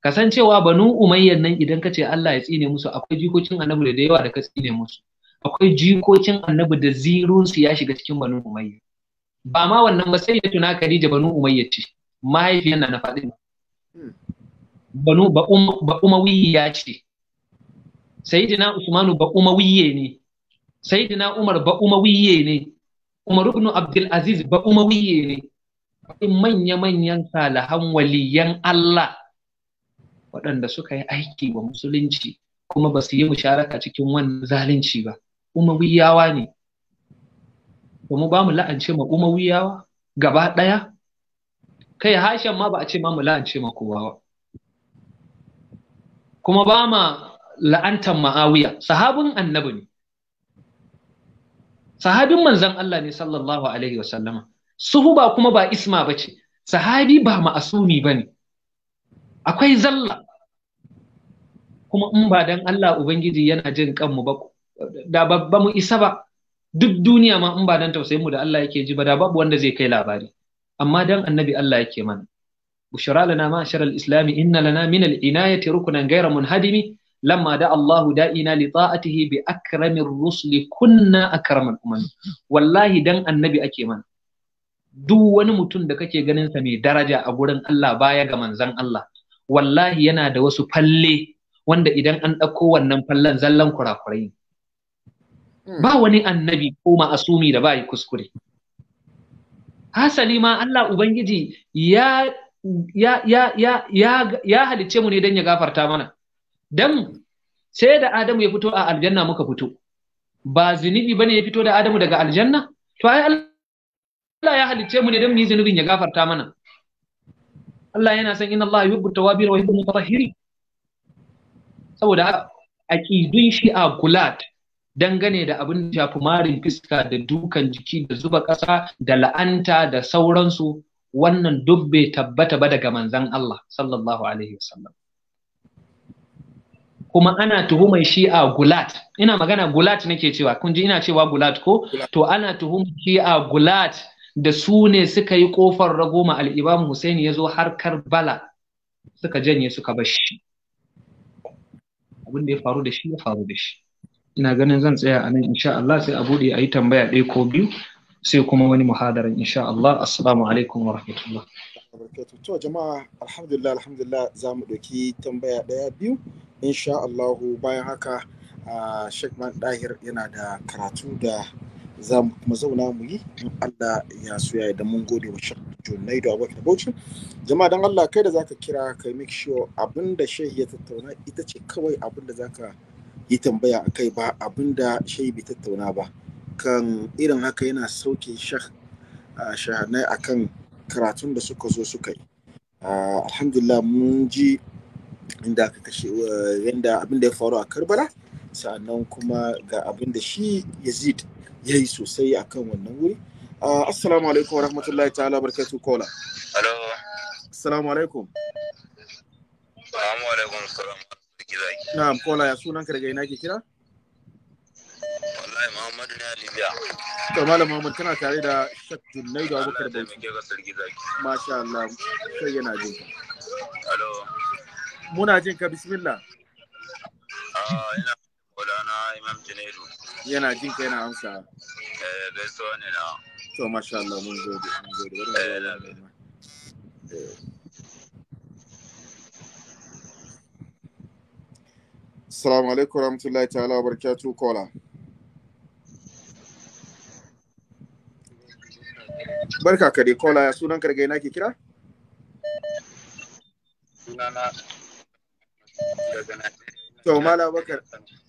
kasancewa banu umayya nan idan ka ce Allah ya tsine musu akwai jikokin annabi da yawa da ka tsine musu akwai jikokin annabi da zirun su ya shiga cikin banu umayya ba ma wannan ba sai tuna Khadija banu umayya ce mahaifiyar na ba banu um, ba umawiyya ce sayyidina Usmanu ba umawiyye ne sayyidina Umar ba umawiyye ne Umar ibn Abdul Aziz ba umawiyye ne akwai manya-manyan salihan waliyan Allah waɗanda suka yi aiki wa musulunci kuma ba su yi musharaka cikin wannan zalunci ba Wiyawa ne ba mu ba mu la'ance ma Wiyawa gaba ɗaya kai hashen ma ba a ce ma mu la'ance ma kowa ba kuma ba ma la'antar ma'awiya sahabin annabi ne sahabin manzan Allah ne sallallahu alaihi wa sallama Suhu ba kuma ba isma ba ce sahabi ba ma'asumi ba ne akwai zalla kuma in ba dan Allah Ubangiji yana jin kanmu ba da ba mu isa ba duk duniya ma in ba dan tausayin mu da Allah yake ji ba da babu wanda zai kai labari amma dan annabi Allah yake mana bushra lana ma sharal islami inna lana min al inayati rukunan ghayra munhadimi لما دعا الله دائنا لطاعته بأكرم الرسل كنا أكرم wallahi dan annabi ake mana. duk wani mutum da kake ganin sa mai daraja a gurin Allah baya ga manzan Allah wallahi yana da wasu falle wanda idan an ɗauko wannan fallan zallan kurakurai hmm. ba wani annabi ko ma'asumi da ba yi kuskure hasali ma Allah ubangiji ya ya ya ya ya, ya halicce mu ne dan ya gafarta mana dan sai da Adamu ya fito a aljanna muka fito ba zunubi ne ya fito da Adamu daga aljanna to ai Allah ya halicce mu ne don mu yi zunubin ya gafarta mana Allah yana san inna Allah yuhibbu tawabin wa yuhibbu mutahhirin saboda haka aqidun a gulat dangane da abin da shafi marin fiska da dukan jiki da zuba ƙasa da la'anta da sauransu wannan duk bai tabbata ba daga manzan Allah sallallahu alaihi wasallam kuma ana tuhumar a gulat ina magana gulat nake cewa kun ji ina cewa gulat ko to ana tuhumar a gulat da su ne suka yi kofar ragoma alibam Hussein ya zo har Karbala suka janye suka bar shi abin da ya faru da shi ya faru da shi ina ganin zan tsaya a nan insha Allah sai a buɗe a yi tambaya ɗaya ko biyu sai kuma wani muhadarin insha Allah assalamu alaikum wa rahmatullah to jama'a alhamdulillah alhamdulillah za mu ɗauki tambaya ɗaya biyu insha Allah bayan haka ah, Sheikh Man Dahir yana da karatu da za mu kuma zauna mu yi in Allah ya so ya da mun gode wa Sheikh Junaidu Abubakar Bauchi jama'a dan Allah kai da zaka kira kai make sure abinda Sheikh ya tattauna ita ce kawai abinda zaka yi tambaya akai ba abinda Sheikh bai tattauna ba kan irin haka yana sauke Sheikh shahanai akan karatun da suka zo suka yi alhamdulillah mun ji inda aka kashe eh, yanda abinda ya faru a Karbala Sannan kuma ga abin da shi yazid ya yi sosai a kan wannan wuri ah, assalamu alaikum wa rahmatullahi ta'ala barkatu kola alo assalamu alaikum na'am kola ya sunan ka daga ina ke kira wallahi muhammadu ne a libya to malam muhammad kana tare da shak junnai da abubakar da masha allah sai yana jin ka muna jin ka bismillah ah, ina Maulana Imam Junaidu. Yana jin kai na amsa. Eh gaisuwa ne na. To masha Allah mun gode mun gode. Eh na eh. Assalamu alaikum warahmatullahi ta'ala wa barakatuh kola. Barka ka dai kola ya sunan karge na ke kira? Sunana daga To Mala Bakar,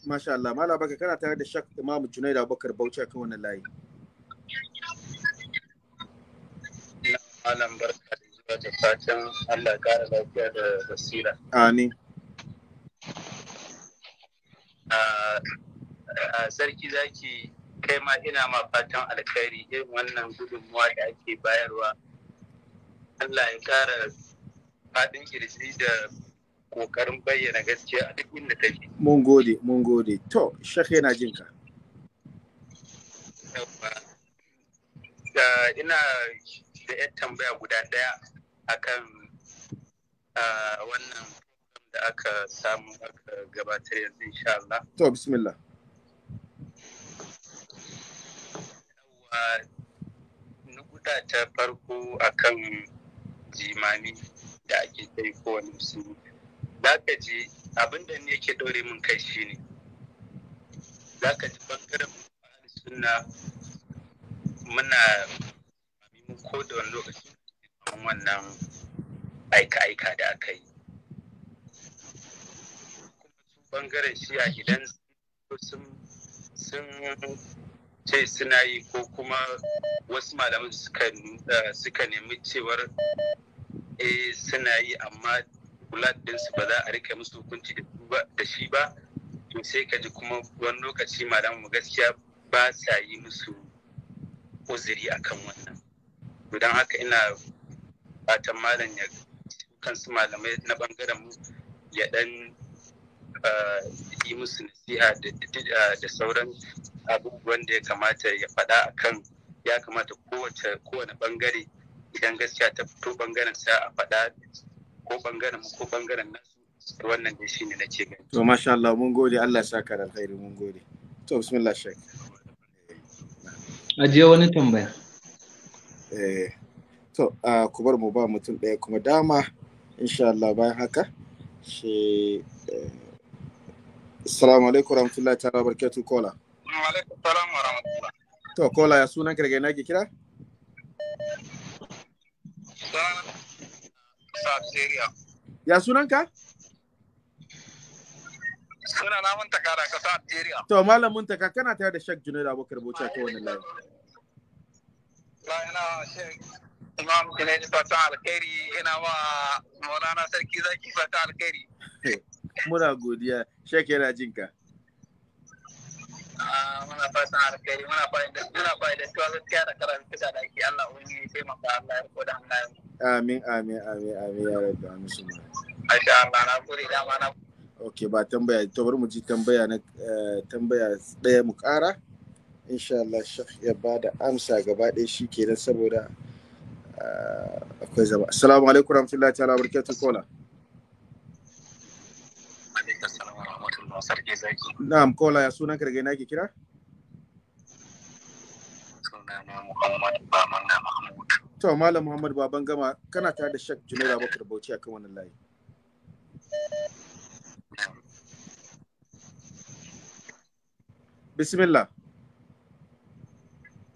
masha Allah, Mala Bakar kana tare da Shak Imam Junaid Abakar Bauchi akan wannan layi. Malam barka da zuwa da fatan Allah kara lafiya da basira. Amin. Sarki zaki kai ma ina ma fatan alkhairi irin wannan gudunmuwa da ake bayarwa. Allah ya kara faɗin kirji da kokarin bayyana gaskiya a duk inda take. Mun gode, mun gode. To, shek yana jin ka. Da ina da yan tambaya guda ɗaya akan wannan da aka samu aka gabatar yanzu insha Allah. To, bismillah. Nukuda ta farko akan jimani da ake kai kowane musulmi. za ka je abin da ne ke ɗaure min kai shi ne za ka ji ɓangaren suna muna mun ko da wani lokaci wannan aika-aika da aka yi Kuma bangaren a idan sun ce suna yi ko kuma wasu malamai suka nemi cewar eh suna yi amma kulat dinsu ba za a rika musu hukunci da shi ba to sai ka ji kuma wani lokaci malamu gaskiya ba sa yi musu uzuri akan wannan don haka ina fatan malam ya kansu malamai na bangaren mu ya dan eh, yi musu nasiha da sauran abubuwan da ya kamata ya faɗa kan ya kamata kowace kowane bangare idan gaskiya ta fito bangaren sa a faɗa ko bangaren mu ko bangaren nasu wannan dai shine na ce gani to masha Allah mun gode Allah sa ka alkhairi mun gode to bismillah shek ajiye wani tambaya eh to ku bar mu ba mutum ɗaya kuma dama insha Allah bayan haka shi eh, assalamu alaikum warahmatullahi ta'ala barakatuh kola wa alaikum salam wa to kola ya sunan ka daga ina ke kira South Syria. Ya sunanka? Suna na mun taka da kasa Algeria. To Malam taka kana tare da Sheik Junaid Abubakar Bauchi ta wannan layi. Bayana Sheik Imam Junaid fata alkhairi ina wa Maulana Sarki Zaki fata alkhairi. Muna godiya, Sheik yana jinka. Ah, muna fatan alkhairi muna fatan muna fatan tuwa gaskiya da karar kusa da ake Allah wani ya taimaka Allah ya riko da hannayen amin amin amin amin ya rabbi amin su ma masha Allah na gode da ma na ok ba tambaya to bari mu ji tambaya na eh, tambaya daya mu ƙara. insha Allah ya ba da amsa gaba ɗaya shi kenan saboda ah, akwai zama assalamu alaikum warahmatullahi ta'ala barakatuh kola sarki zaki. Na'am kola ya sunan karge na ke kira? Sunana Muhammad Baman Mahmud. To Malam Muhammad Baban Gama kana tare da Sheikh Junairu Abubakar Bauchi akan wannan layi. Bismillah.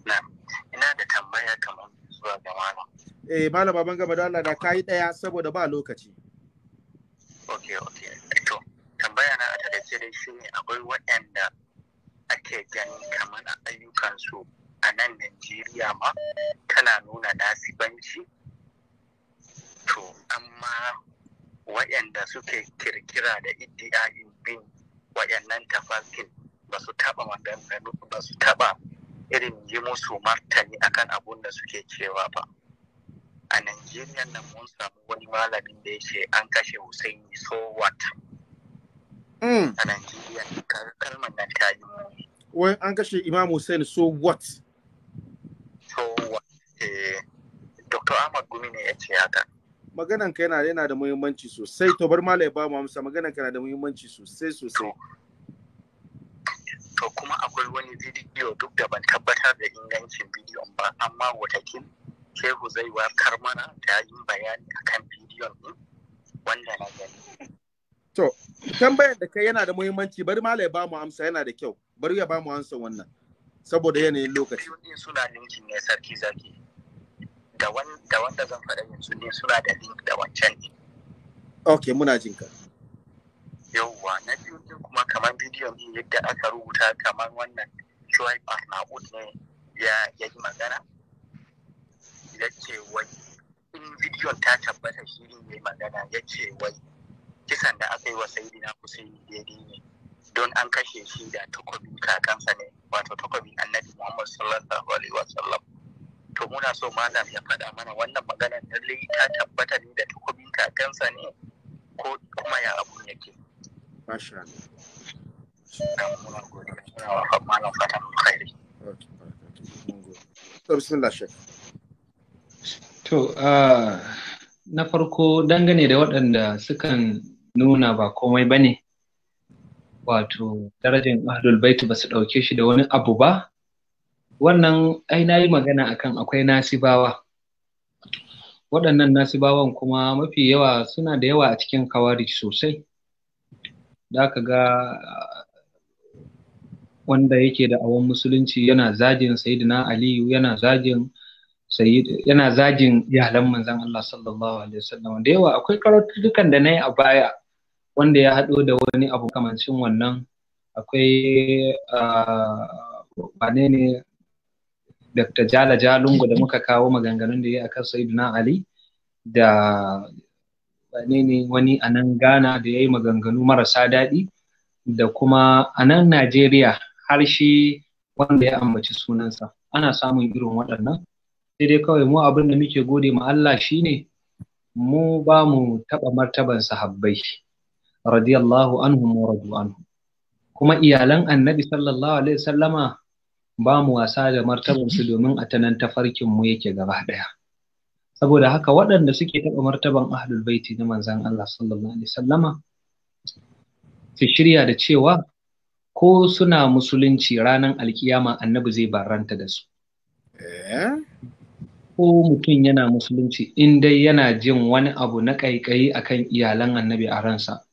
Na'am. Ina da tambaya kamar zuwa ga malam. Eh malam Baban Gama da Allah da kai daya saboda ba lokaci. Okay, okay. To tambaya na almajirai shi ne akwai waɗanda ake ganin kamar ayyukansu a nan Najeriya ma tana nuna nasibanci to amma waɗanda suke kirkira da in bin waɗannan tafarkin ba su taɓa maganganu ba su taɓa irin yi musu martani akan abun da suke cewa ba a Najeriya nan mun samu wani malamin da ya ce an kashe Hussein Sowat. wata Mm. a Najeriya kalmar nan ta yi. Wai an kashe Imam Hussein so what? So what? Eh, Dr. Ahmad Gumi ne ya ce haka. Maganan ka yana yana da muhimmanci sosai to bar malai ba mu amsa maganan ka da muhimmanci sosai sosai. To kuma akwai wani bidiyo duk da ban tabbatar da ingancin bidiyon ba amma watakin Shehu zai wakar mana ta yi bayani akan bidiyon ɗin, wanda na gani. To, tambayar da kai yana da muhimmanci bari ma ya ba mu amsa yana da kyau. Bari ya ba mu amsa wannan. Saboda yanayin lokaci. Din suna linkin ne sarki zaki. Da wanda zan faɗa yanzu ne suna da link da wancan ne. Okay, muna jin ka. Yawwa, na biyu kuma kamar bidiyon ɗin yadda aka rubuta kamar wannan Shoaib Ahmad ne ya ya yi magana. Ya ce wai in bidiyon ta tabbata shi ne ya yi magana ya ce wai kisan da aka yi wa sayidina Hussein daidai ne don an kashe shi da takobi kakansa ne wato takobin annabi Muhammad sallallahu alaihi Sallam, to muna so malam ya faɗa mana wannan maganar lallai ta tabbata ne da takobin kakansa ne ko kuma ya abu yake Masha Allah. To ah, na farko dangane da waɗanda sukan nuna ba komai ba ne wato darajin ahlul baitu ba su ɗauke shi da wani abu ba wannan ai na yi magana akan akwai nasibawa waɗannan nasibawan kuma mafi yawa suna da yawa a cikin kawari sosai da ka ga wanda yake da awon musulunci yana zajin sayyidina aliyu yana sayyid yana zajin iyalan manzon Allah sallallahu alaihi wasallam da yawa akwai karatu dukan da na yi a baya wanda ya haɗo da wani abu kamancin wannan akwai wane ne Dr. Jala Jalungu da muka kawo maganganun da ya akan Sayyidina Ali da wane ne wani a nan Ghana da ya yi maganganu marasa daɗi da kuma a nan Najeriya har shi wanda ya ambaci sunansa ana samun irin waɗannan sai dai kawai mu abin da muke gode ma Allah shine mu ba mu taɓa martaban sahabbai radiyallahu anhum wa radu anhu kuma iyalan annabi sallallahu alaihi sallama ba mu wasa da martabar su domin a tanan tafarkin mu yake gaba daya saboda haka waɗanda suke taɓa martaban ahlul baiti na manzan Allah sallallahu alaihi sallama su shirya da cewa ko suna musulunci ranar alkiyama annabi zai baranta da su eh? ko mutum yana musulunci in dai yana jin wani abu na ƙaiƙayi akan iyalan annabi a ransa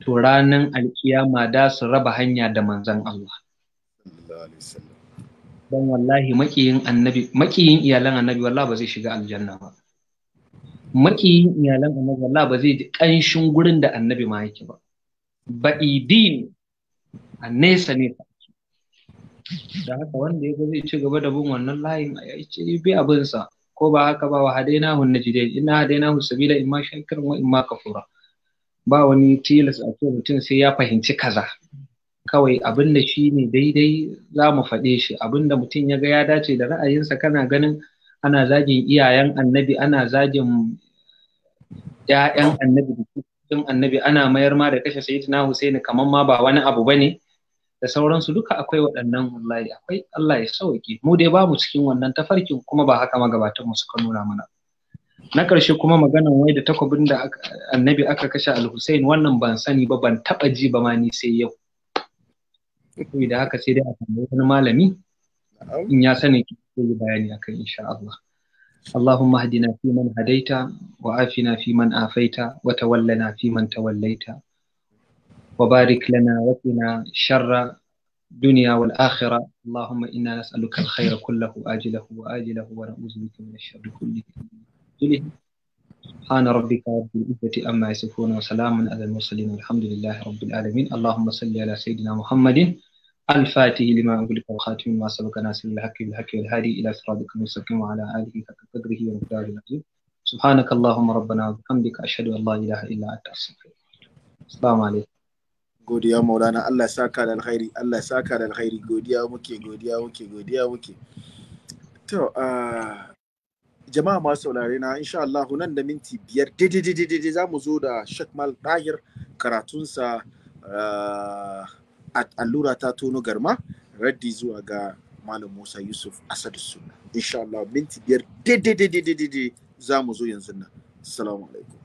to ranar alkiyama da su raba hanya da manzan Allah don wallahi makiyin annabi makiyin iyalan annabi wallahi ba zai shiga aljanna ba makiyin iyalan annabi wallahi ba zai ji kanshin gurin da annabi ma yake ba din. a nesa ne da haka wanda ya zai ci gaba da bin wannan layin a yayi ce bi abinsa ko ba haka ba wa hadaina hun najidai inna hadaina hun sabila imma shakirin wa imma kafura ba wani tilas a ce mutum sai ya fahimci kaza kawai abin da shi ne daidai za mu faɗe shi abin da mutum ya ga ya dace da ra'ayinsa kana ganin ana zagin iyayen annabi ana zagin ya'yan annabi da cikin annabi ana mayar ma da kashe sayyidina Husaini kamar ma ba wani abu bane da sauransu duka akwai waɗannan wallahi akwai Allah ya sauke mu dai ba mu cikin wannan tafarkin kuma ba haka magabatan mu suka nuna mana na ƙarshe kuma maganan wai da takwabin da annabi aka kashe al wannan ban sani ba ban taba ji ba ma ni sai yau da haka sai dai a tambayi wani malami in ya sani ki yi bayani akan insha Allah Allahumma hadina fi man hadaita wa afina fi man afaita wa tawallana fi man tawallaita wa na lana wa qina sharra dunya wal akhirah Allahumma inna nas'aluka al-khayra kullahu ajilahu wa ajilahu wa na'udhu bika min ورسوله سبحان ربك رب العزة أما يصفون وسلام على المرسلين والحمد لله رب العالمين اللهم صل على سيدنا محمد الفاتح لما أغلق والخاتم ما سبق ناصر الحق بالحق والهادي إلى صراطك المستقيم وعلى آله حق قدره ومقداره العظيم سبحانك اللهم ربنا وبحمدك أشهد أن لا إله إلا أنت أستغفرك السلام عليكم godiya maulana Allah ya saka da alkhairi Allah ya saka da alkhairi godiya muke godiya muke godiya muke to jama'a masu saurare na insha Allah nan da minti biyar daidai za mu zo da shakmal dahir karatunsa ah, allura ta tono garma raddi zuwa ga malam Musa Yusuf Asad suna insha Allah minti biyar daidai za mu zo yanzu nan assalamu alaikum